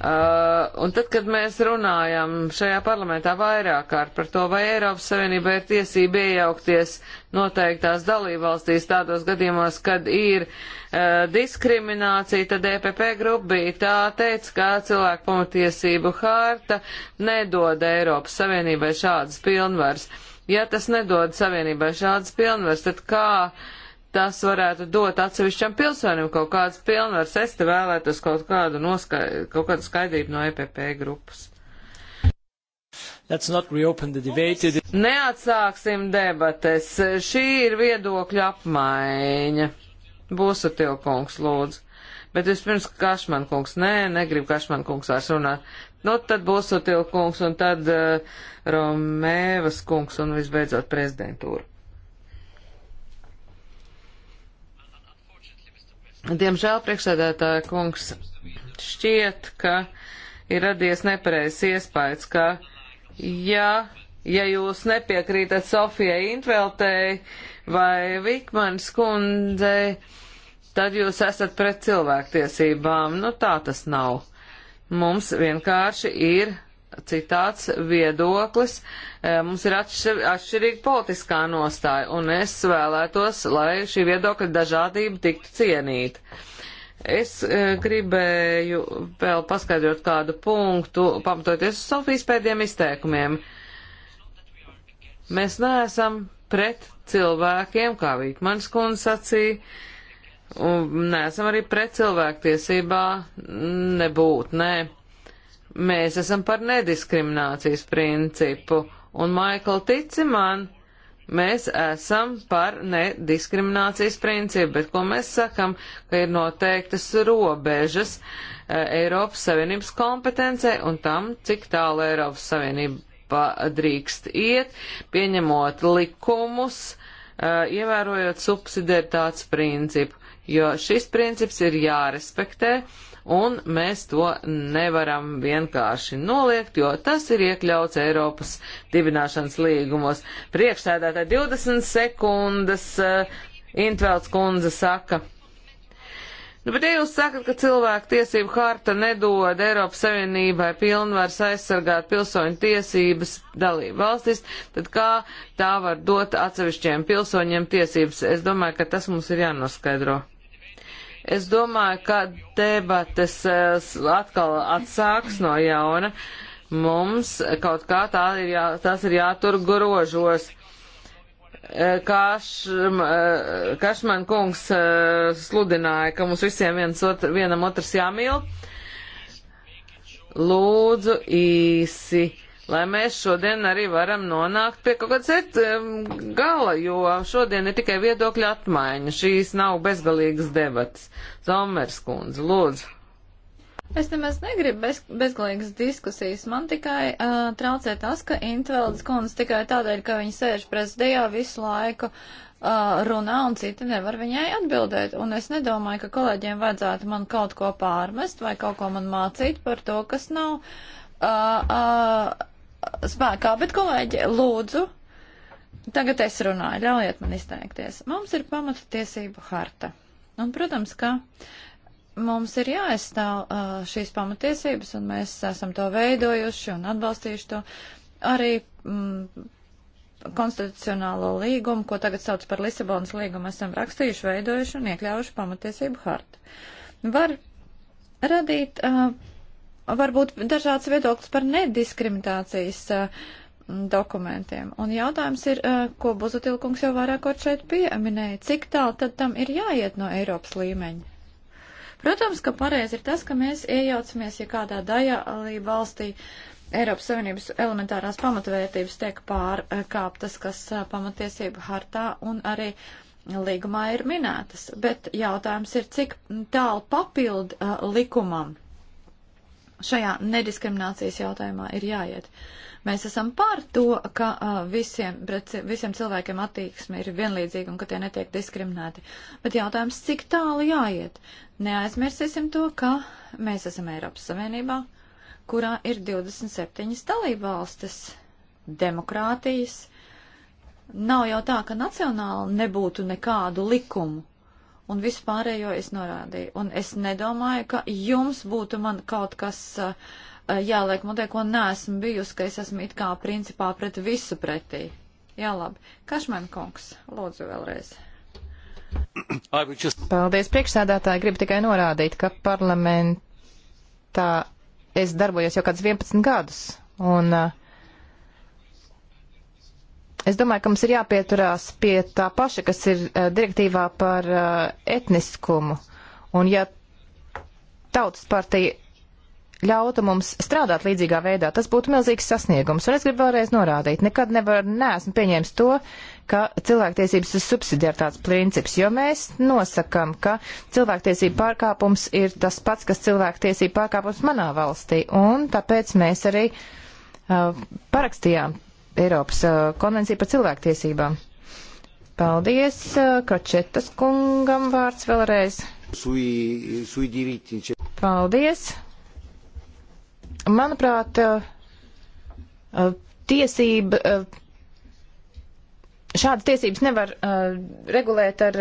Uh, un tad, kad mēs runājam šajā parlamentā vairāk kārt par to, vai Eiropas Savienībai ir tiesība iejaukties noteiktās dalībvalstīs tādos gadījumos, kad ir uh, diskriminācija, tad EPP grupa bija tā teica, ka cilvēku pamatiesību hārta nedod Eiropas Savienībai šādas pilnvaras. Ja tas nedod Savienībai šādas pilnvaras, tad kā uh, tas varētu dot atsevišķam pilsonim kaut kādas pilnvaras. Es te vēlētos kaut kādu, noskai, kaut kādu skaidrību no EPP grupas. Neatsāksim debates. Šī ir viedokļa apmaiņa. Būsutil kungs, lūdzu. Bet vispirms Kašman kungs. Nē, negrib Kašman kungs vairs runāt. Nu, tad Būsutil kungs un tad uh, Romēvas kungs un visbeidzot prezidentūra. Diemžēl priekšsēdētāja kungs šķiet, ka ir radies nepareizs iespējas, ka ja, ja jūs nepiekrītat Sofijai Intveltei vai Vikmanis kundzei, tad jūs esat pret cilvēktiesībām. Nu tā tas nav. Mums vienkārši ir citāds viedoklis, e, mums ir atšķir, atšķirīga politiskā nostāja, un es vēlētos, lai šī viedokļa dažādība tiktu cienīta. Es e, gribēju vēl paskaidrot kādu punktu, pamatoties uz Sofijas pēdējiem izteikumiem. Mēs neesam pret cilvēkiem, kā Vīkmanis kundze sacīja, un neesam arī pret cilvēktiesībā nebūt, nē. Ne Mēs esam par nediskriminācijas principu, un, Maikl, tici man, mēs esam par nediskriminācijas principu, bet ko mēs sakam, ka ir noteiktas robežas eh, Eiropas Savienības kompetencē un tam, cik tālu Eiropas Savienība drīkst iet, pieņemot likumus, eh, ievērojot subsidiaritātes principu, jo šis princips ir jārespektē un mēs to nevaram vienkārši noliegt, jo tas ir iekļauts Eiropas dibināšanas līgumos. Priekšsēdētāji 20 sekundes eh, Intvelds kundze saka. Nu, bet ja jūs sakat, ka cilvēku tiesību harta nedod Eiropas Savienībai pilnvars aizsargāt pilsoņu tiesības dalību valstis, tad kā tā var dot atsevišķiem pilsoņiem tiesības? Es domāju, ka tas mums ir jānoskaidro. Es domāju, ka debates eh, atkal atsāks no jauna. Mums kaut kā tā ir jā, tas ir jātur grožos. Eh, Kašm, eh, Kašman kungs sludināja, ka mums visiem viens otru, vienam otrs jāmīl. Lūdzu īsi lai mēs šodien arī varam nonākt pie kaut kāda eh, gala, jo šodien ir tikai viedokļa atmaiņa. Šīs nav bezgalīgas debatas. Zomers kundze, lūdzu. Es nemaz negribu bez, bezgalīgas diskusijas. Man tikai uh, traucē tas, ka Intveldes kundze tikai tādēļ, ka viņa sēž prezidijā visu laiku uh, runā un citi nevar viņai atbildēt. Un es nedomāju, ka kolēģiem vajadzētu man kaut ko pārmest vai kaut ko man mācīt par to, kas nav. Uh, uh, spēkā, bet kolēģi, lūdzu, tagad es runāju, ļaujiet man izteikties. Mums ir pamata tiesību harta. Un, protams, ka mums ir jāaizstāv uh, šīs pamatiesības, un mēs esam to veidojuši un atbalstījuši to arī mm, konstitucionālo līgumu, ko tagad sauc par Lisabonas līgumu, esam rakstījuši, veidojuši un iekļaujuši pamatiesību hartu. Var radīt uh, varbūt dažāds viedoklis par nediskriminācijas uh, dokumentiem. Un jautājums ir, uh, ko Buzutilkungs jau vairāk kārt šeit pieminēja, cik tālu tad tam ir jāiet no Eiropas līmeņa? Protams, ka pareizi ir tas, ka mēs iejaucamies, ja kādā daļā valstī Eiropas Savienības elementārās pamatvērtības tiek pārkāptas, kas eh, pamatiesība hartā un arī līgumā ir minētas. Bet jautājums ir, cik tālu papildu likumam šajā nediskriminācijas jautājumā ir jāiet. Mēs esam par to, ka uh, visiem, pret visiem cilvēkiem attieksme ir vienlīdzīga un ka tie netiek diskriminēti. Bet jautājums, cik tālu jāiet? Neaizmirsīsim to, ka mēs esam Eiropas Savienībā, kurā ir 27 dalība valstis, demokrātijas. Nav jau tā, ka nacionāli nebūtu nekādu likumu un visu pārējo es norādīju. Un es nedomāju, ka jums būtu man kaut kas uh, jāliek mutē, ko neesmu bijusi, ka es esmu it kā principā pret visu pretī. Jā, labi. Kašmen kungs, lūdzu vēlreiz. Just... Paldies, priekšsēdētāji. Gribu tikai norādīt, ka parlamentā es darbojos jau kāds 11 gadus. Un uh, Es domāju, ka mums ir jāpieturās pie tā paša, kas ir uh, direktīvā par uh, etniskumu. Un ja tautas partija ļautu mums strādāt līdzīgā veidā, tas būtu milzīgs sasniegums. Un es gribu vēlreiz norādīt, nekad nevar, neesmu pieņēmis to, ka cilvēktiesības ir subsidiartāts princips, jo mēs nosakam, ka cilvēktiesība pārkāpums ir tas pats, kas cilvēktiesība pārkāpums manā valstī. Un tāpēc mēs arī uh, parakstījām Eiropas uh, konvenciju par cilvēktiesībām. Paldies, uh, Kačetas kungam vārds vēlreiz. Sui, sui Paldies. Manuprāt, uh, tiesība, šādas tiesības nevar regulēt ar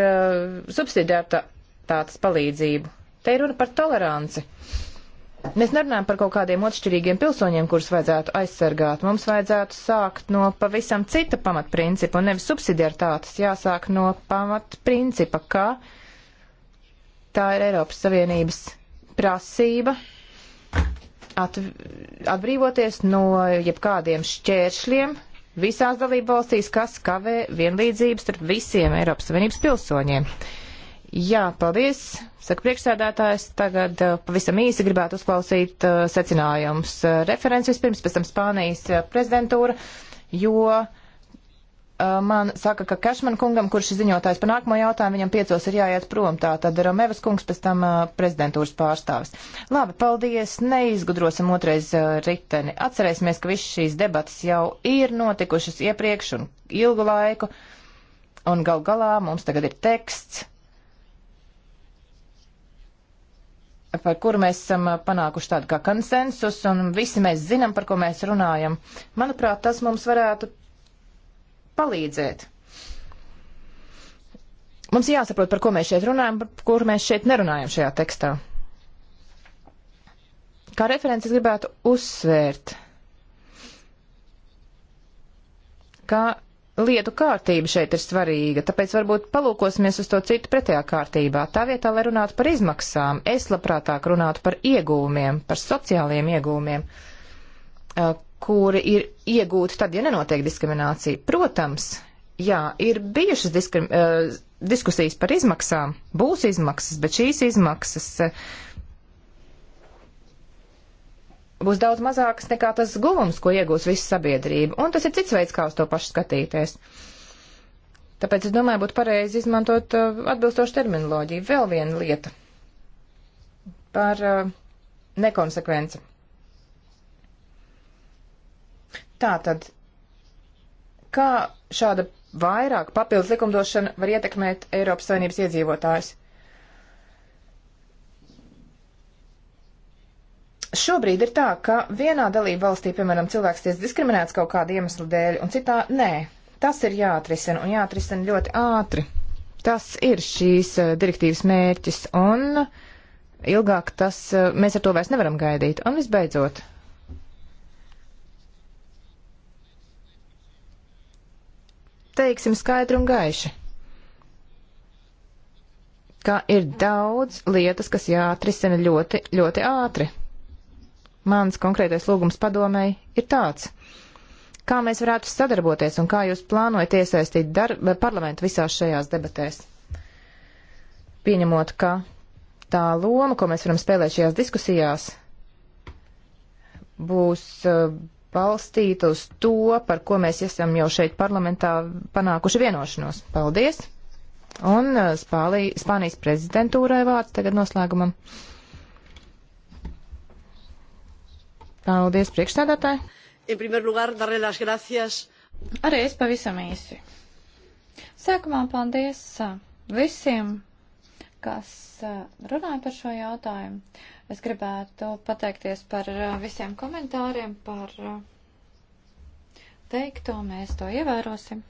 subsidiārtātas palīdzību. Te ir runa par toleranci. Uh, Mēs nerunājam par kaut kādiem otršķirīgiem pilsoņiem, kurus vajadzētu aizsargāt. Mums vajadzētu sākt no pavisam cita pamatprincipa un nevis subsidiartātes. Jāsāk no pamatprincipa, ka tā ir Eiropas Savienības prasība at, atbrīvoties no jebkādiem šķēršļiem visās dalībvalstīs, kas kavē vienlīdzības starp visiem Eiropas Savienības pilsoņiem. Uh, Jā, paldies, saka priekšsēdētājs. Tagad uh, pavisam īsi gribētu uzklausīt uh, secinājumus. Uh, referents vispirms, pēc tam Spānijas uh, prezidentūra, jo uh, man saka, ka Kašman kungam, kurš ir ziņotājs par nākamo jautājumu, viņam piecos ir jāiet prom. Tā tad Romevas kungs, pēc tam uh, prezidentūras pārstāvis. Labi, paldies, neizgudrosim otrais riteni. Atcerēsimies, ka visas šīs debatas jau ir notikušas iepriekš un ilgu laiku. Un gal galā mums tagad ir teksts, par kuru mēs esam panākuši tādu kā konsensus, un visi mēs zinām, par ko mēs runājam. Manuprāt, tas mums varētu palīdzēt. Mums jāsaprot, par ko mēs šeit runājam, par kur mēs šeit nerunājam šajā tekstā. Kā referents es gribētu uzsvērt, ka lietu kārtība šeit ir svarīga, tāpēc varbūt palūkosimies uz to citu pretējā kārtībā. Tā vietā, lai runātu par izmaksām, es labprātāk runātu par iegūmiem, par sociālajiem iegūmiem, kuri ir iegūti tad, ja nenotiek diskriminācija. Protams, jā, ir bijušas diskrim, diskusijas par izmaksām, būs izmaksas, bet šīs izmaksas. Uh, būs daudz mazāks nekā tas guvums, ko iegūs visa sabiedrība. Un tas ir cits veids, kā uz to pašu skatīties. Tāpēc es domāju, būtu pareizi izmantot uh, atbilstošu terminoloģiju. Vēl viena lieta par uh, nekonsekvenci. Tātad, kā šāda vairāk papildus likumdošana var ietekmēt Eiropas Savienības iedzīvotājus? Šobrīd ir tā, ka vienā dalību valstī, piemēram, cilvēks tiek diskriminēts kaut kāda iemesla dēļ, un citā nē. Tas ir jāatrisina un jāatrisina ļoti ātri. Tas ir šīs eh, direktīvas mērķis, un ilgāk tas eh, mēs ar to vairs nevaram gaidīt. Un visbeidzot, teiksim skaidri un gaiši, ka ir daudz lietas, kas jāatrisina ļoti, ļoti ātri. Mans konkrētais lūgums padomēji ir tāds. Kā mēs varētu sadarboties un kā jūs plānojat iesaistīt parlamentu visās šajās debatēs? Pieņemot, ka tā loma, ko mēs varam spēlēt šajās diskusijās, būs uh, balstīta uz to, par ko mēs esam jau šeit parlamentā panākuši vienošanos. Paldies! Un uh, Spālī, Spānijas prezidentūrai vārds tagad noslēgumam. Uh, Paldies, priekšstādātāji! Lugar, Arī es pavisam īsi. Sākumā paldies visiem, kas runāja par šo jautājumu. Es gribētu pateikties par visiem komentāriem, par teikto, mēs to ievērosim.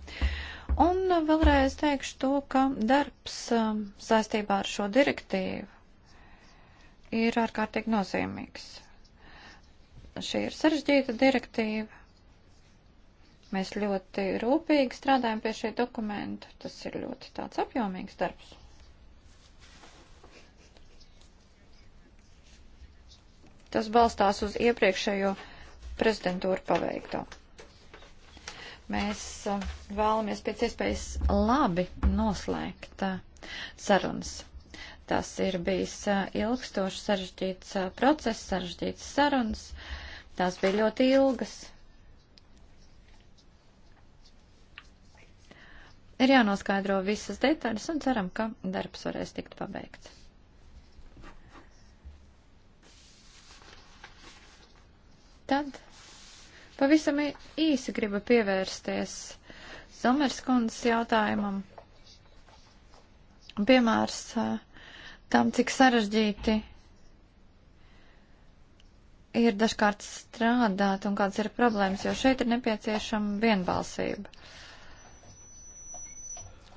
Un vēlreiz teikšu to, ka darbs saistībā ar šo direktīvu ir ārkārtīgi nozīmīgs. Šī ir sarežģīta direktīva. Mēs ļoti rūpīgi strādājam pie šī dokumenta. Tas ir ļoti tāds apjomīgs darbs. Tas balstās uz iepriekšējo prezidentūru paveikto. Mēs eh, vēlamies pēc iespējas labi noslēgt eh, sarunas. Tas ir bijis eh, ilgstoši sarežģīts process, sarežģīts sarunas. Uh, Tās bija ļoti ilgas. Ir jānoskaidro visas detaļas un ceram, ka darbs varēs tikt pabeigts. Tad pavisam īsi gribu pievērsties Somerskundas jautājumam. Piemērs tam, cik sarežģīti ir dažkārt strādāt un kādas ir problēmas, jo šeit ir nepieciešama vienbalsība.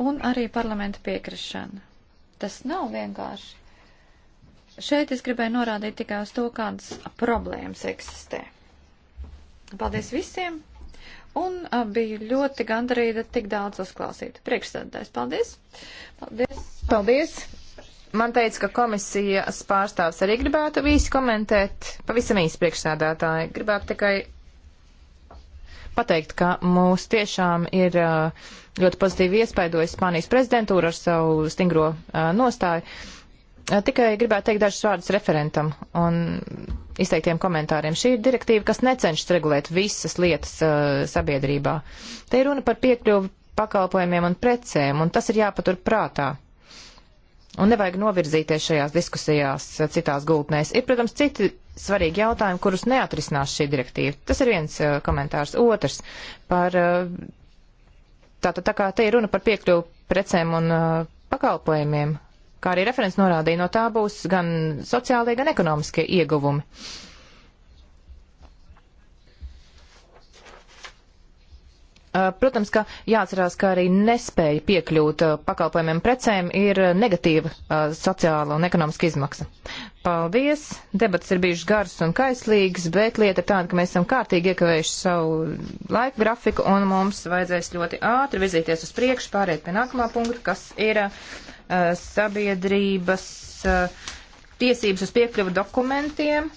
Un arī parlamenta piekrišana. Tas nav vienkārši. Šeit es gribēju norādīt tikai uz to, kādas problēmas eksistē. Paldies visiem! Un a, biju ļoti gandarīta tik daudz uzklausīt. Priekšstādājs, paldies! Paldies! Paldies! Man teica, ka komisijas pārstāvs arī gribētu īsi komentēt, pavisam īsi priekšsēdētāji. Gribētu tikai pateikt, ka mūs tiešām ir uh, ļoti pozitīvi iespaidojis Spānijas prezidentūra ar savu stingro uh, nostāju. Uh, tikai gribētu teikt dažus vārdus referentam un izteiktiem komentāriem. Šī ir direktīva, kas necenšas regulēt visas lietas sabiedrībā. Te ir runa par piekļuvu pakalpojumiem un precēm, un tas ir jāpatur prātā. Un nevajag novirzīties šajās diskusijās eh, citās gultnēs. Ir, protams, citi svarīgi jautājumi, kurus neatrisinās šī direktīva. Tas ir viens uh, komentārs. Otrs par. Uh, Tātad tā kā te ir runa par piekļuvu precēm un uh, pakalpojumiem, kā arī referents norādīja, no tā būs gan sociālie, gan ekonomiskie ieguvumi. Uh, Eh, protams, ka jāatcerās, ka arī nespēja piekļūt eh, pakalpojumiem precēm ir negatīva eh, sociāla un ekonomiska izmaksa. Paldies! Debats ir bijušas garas un kaislīgas, bet lieta ir tāda, ka mēs esam kārtīgi iekavējuši savu laika grafiku un mums vajadzēs ļoti ātri virzīties uz priekšu, pāriet pie nākamā punkta, kas ir uh, sabiedrības uh, tiesības uz piekļuvu dokumentiem,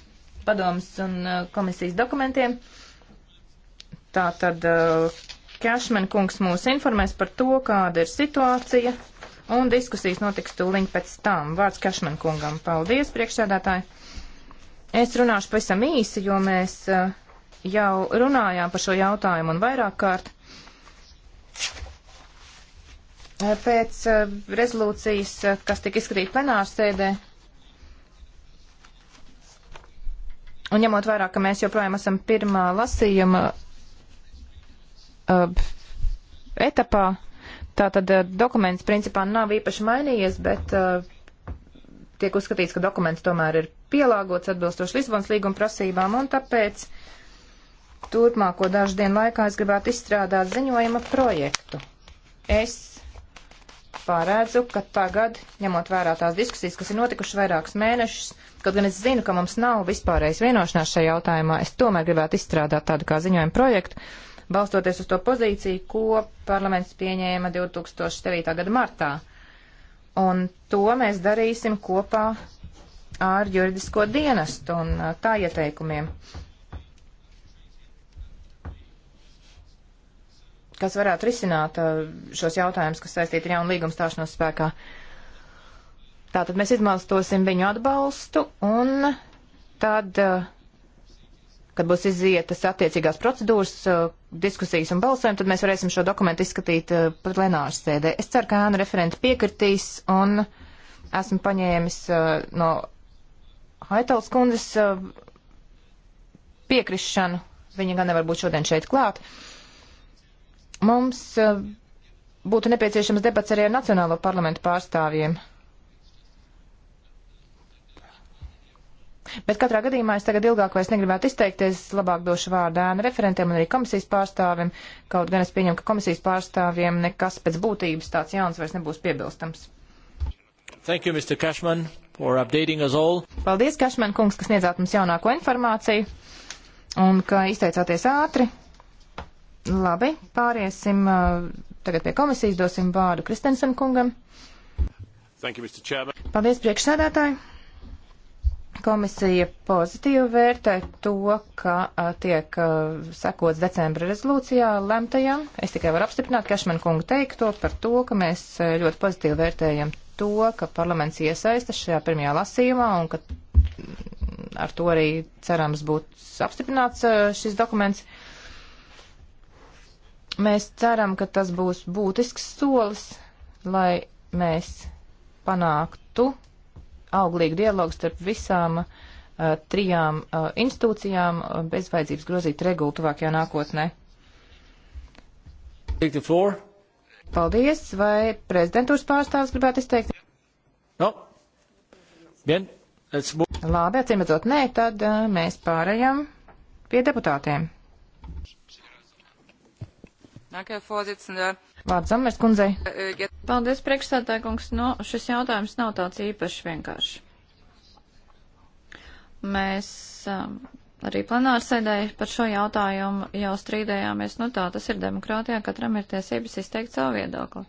padomas un uh, komisijas dokumentiem. Tā tad uh, Kašman kungs mūs informēs par to, kāda ir situācija, un diskusijas notiks tūliņ pēc tam. Vārds Kašman kungam. Paldies, priekšsēdētāji. Es runāšu pavisam īsi, jo mēs eh, jau runājām par šo jautājumu un vairāk kārt. Eh, pēc eh, rezolūcijas, kas tika izskatīta plenārsēdē, un ņemot vairāk, ka mēs joprojām esam pirmā lasījuma Uh, etapā. Tātad uh, dokuments principā nav īpaši mainījies, bet uh, tiek uzskatīts, ka dokuments tomēr ir pielāgots atbilstoši Lisbonas līguma prasībām, un tāpēc turpmāko dažu dienu laikā es gribētu izstrādāt ziņojuma projektu. Es pārēdzu, ka tagad, ņemot vērā tās diskusijas, kas ir notikušas vairākus mēnešus, kaut gan es zinu, ka mums nav vispārējais vienošanās šajā jautājumā, es tomēr gribētu izstrādāt tādu kā ziņojumu projektu, uh, balstoties uz to pozīciju, ko parlaments pieņēma 2009. gada martā. Un to mēs darīsim kopā ar juridisko dienestu un uh, tā ieteikumiem, kas varētu risināt uh, šos jautājumus, kas saistīti ar jaunu līgumu stāšanos spēkā. Tātad mēs izmantosim viņu atbalstu un tad, uh, kad būs izietas attiecīgās procedūras, diskusijas un balsojumu, tad mēs varēsim šo dokumentu izskatīt uh, eh, plenāru sēdē. Es ceru, ka Āna referenti piekritīs un esmu paņēmis uh, no Haitals kundzes uh, piekrišanu. Viņa gan nevar būt šodien šeit klāt. Mums uh, būtu nepieciešams debats arī ar Nacionālo parlamentu pārstāvjiem. Bet katrā gadījumā es tagad ilgāk vairs negribētu izteikties, labāk došu vārdu ēnu referentiem un arī komisijas pārstāvim, kaut gan es pieņemu, ka komisijas pārstāvjiem nekas pēc būtības tāds jauns vairs nebūs piebilstams. Thank you, Mr. Cashman, for updating us all. Paldies, Cashman kungs, kas sniedzāt mums jaunāko informāciju un ka izteicāties ātri. Labi, pāriesim uh, tagad pie komisijas, dosim vārdu Kristensen kungam. Thank you, Mr. Chairman. Paldies, priekšsēdētāji. Komisija pozitīvi vērtē to, ka a, tiek a, sekots decembra rezolūcijā lemtajam. Es tikai varu apstiprināt Kešmanu kungu teikto par to, ka mēs ļoti pozitīvi vērtējam to, ka parlaments iesaistas šajā pirmajā lasījumā un ka mm, ar to arī cerams būs apstiprināts a, šis dokuments. Mēs ceram, ka tas būs būtisks solis, lai mēs panāktu auglīgu dialogu starp visām uh, trijām uh, institūcijām uh, bez vajadzības grozīt regulu tuvākajā nākotnē. Paldies. Vai prezidentūras pārstāvis gribētu izteikt? No. Bien. Labi, acīm redzot, nē, tad uh, mēs pārējām pie deputātiem. Vārds Amers kundzei. Äh, Paldies, priekšstādāja kungs. No, nu, šis jautājums nav tāds īpaši vienkārši. Mēs um, arī plenārsēdē par šo jautājumu jau strīdējāmies. Nu tā, tas ir demokrātijā, katram ir tiesības izteikt savu viedokli.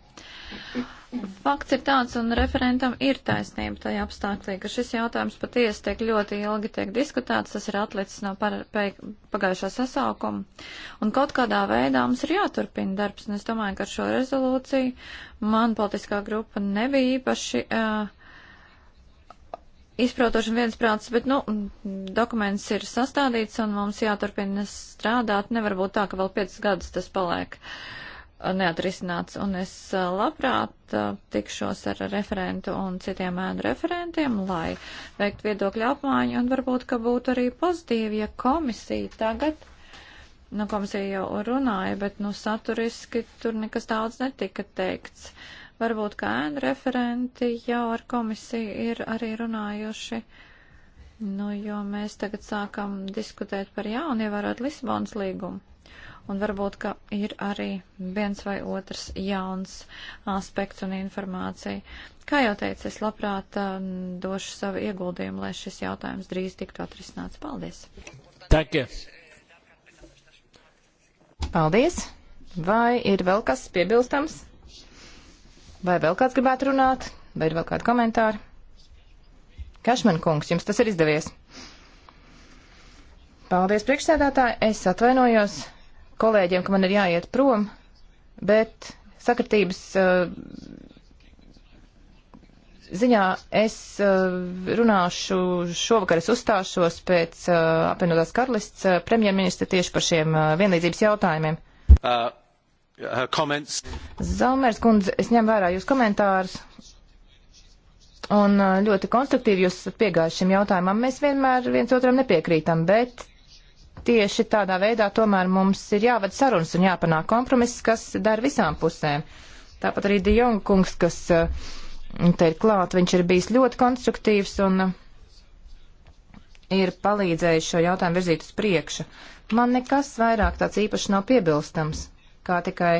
Fakts ir tāds, un referentam ir taisnība tajā apstākļā, ka šis jautājums patiesi tiek ļoti ilgi tiek diskutēts, tas ir atlicis no par, pe, pagājušā sasaukuma, un kaut kādā veidā mums ir jāturpina darbs, un es domāju, ka ar šo rezolūciju man politiskā grupa nebija īpaši uh, izprotoši un viensprāts, bet, nu, dokuments ir sastādīts, un mums jāturpina strādāt, nevar būt tā, ka vēl piecas gadus tas paliek. Uh, neatrisināts, un es labprāt tikšos ar referentu un citiem ēnu referentiem, lai veikt viedokļu apmaiņu, un varbūt, ka būtu arī pozitīvi, ja komisija tagad, nu, komisija jau runāja, bet, nu, saturiski tur nekas daudz netika teikts. Varbūt, ka ēnu referenti jau ar komisiju ir arī runājuši. Nu, jo mēs tagad sākam diskutēt par jaunu, ievērot Lisabonas līgumu un varbūt, ka ir arī viens vai otrs jauns aspekts un informācija. Kā jau teicu, es labprāt um, došu savu ieguldījumu, lai šis jautājums drīz tiktu atrisināts. Paldies! Takie. Paldies! Vai ir vēl kas piebilstams? Vai vēl kāds gribētu runāt? Vai ir vēl kādi komentāri? Kašman kungs, jums tas ir izdevies. Paldies, priekšsēdētāji. Es atvainojos kolēģiem, ka man ir jāiet prom, bet sakritības eh, ziņā es eh, runāšu, šovakar es uzstāšos pēc eh, apvienotās karalists premjerministra tieši par šiem vienlīdzības jautājumiem. Uh, Zaumērs kundze, es ņem vērā jūs komentārus. Un ļoti konstruktīvi jūs esat piegājuši šim jautājumam. Mēs vienmēr viens otram nepiekrītam, bet tieši tādā veidā tomēr mums ir jāved sarunas un jāpanāk kompromiss, kas dar visām pusēm. Tāpat arī Dijonga kungs, kas eh, te ir klāt, viņš ir bijis ļoti konstruktīvs un eh, ir palīdzējis šo jautājumu virzīt uz priekšu. Man nekas vairāk tāds īpaši nav piebilstams, kā tikai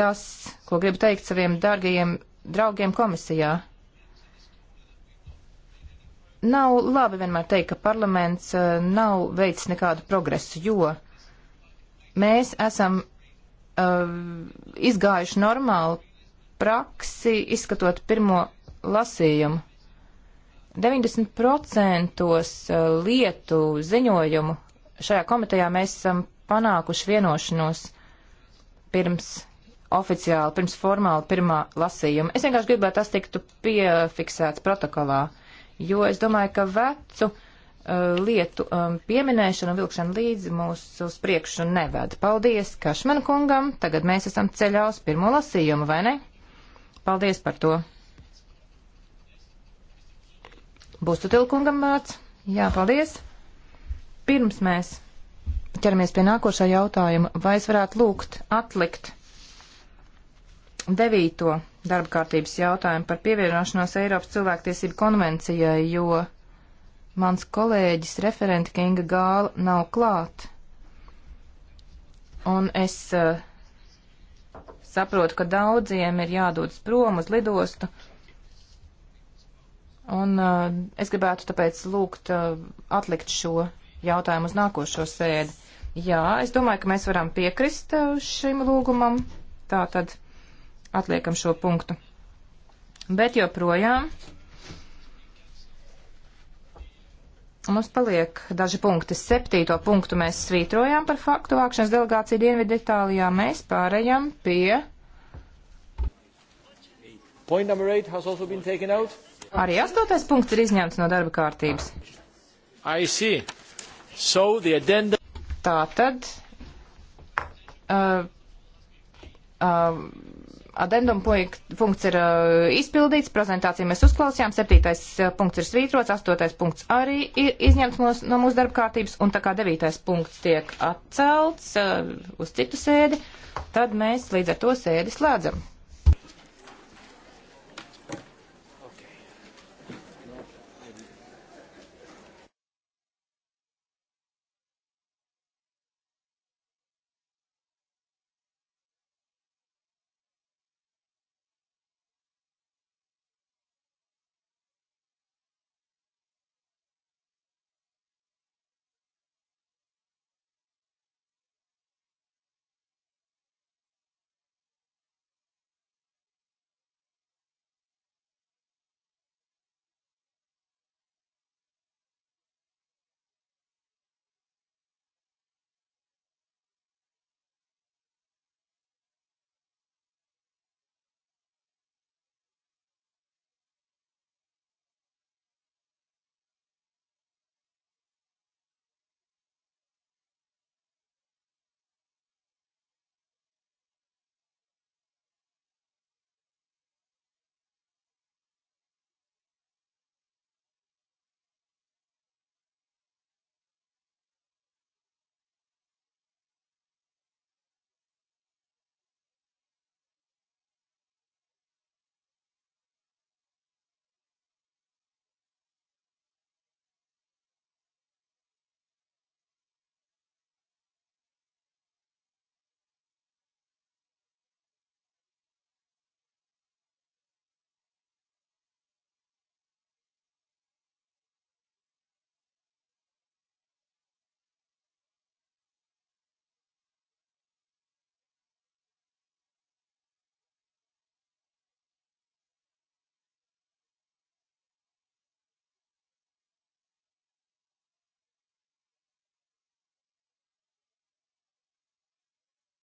tas, ko gribu teikt saviem dargajiem draugiem komisijā. Nav labi vienmēr teikt, ka parlaments eh, nav veicis nekādu progresu, jo mēs esam uh, izgājuši normālu praksi, izskatot pirmo lasījumu. 90% eh, lietu ziņojumu šajā komitejā mēs esam panākuši vienošanos pirms oficiāli, pirms formāli pirmā lasījuma. Es vienkārši gribētu, tas tiktu piefiksēts protokolā jo es domāju, ka vecu uh, lietu um, pieminēšana un vilkšana līdzi mūs uz priekšu neved. Paldies Kašmanu kungam, tagad mēs esam ceļā uz pirmo lasījumu, vai ne? Paldies par to. Būs tu tilkungam vārds? Jā, paldies. Pirms mēs ķeramies pie nākošā jautājuma, vai es varētu lūgt atlikt devīto darba kārtības jautājumu par pievienošanos Eiropas cilvēktiesību konvencijai, jo mans kolēģis referenti Kinga Gāla nav klāt. Un es uh, saprotu, ka daudziem ir jādodas prom uz lidostu. Un uh, es gribētu tāpēc lūgt uh, atlikt šo jautājumu uz nākošo sēdi. Jā, es domāju, ka mēs varam piekrist šim lūgumam. Tā tad atliekam šo punktu. Bet joprojām mums paliek daži punkti. Septīto punktu mēs svītrojām par faktu vākšanas delegāciju Dienvidu Itālijā. Mēs pārējām pie. Arī astotais punkts ir izņemts no darba kārtības. So addenda... Tā tad. Uh, uh, Adendum punkts ir uh, izpildīts, prezentāciju mēs uzklausījām, septītais punkts ir svītrots, astotais punkts arī ir izņemts mūs, no mūsu darba kārtības, un tā kā devītais punkts tiek atcelts uh, uz citu sēdi, tad mēs līdz ar to sēdi slēdzam.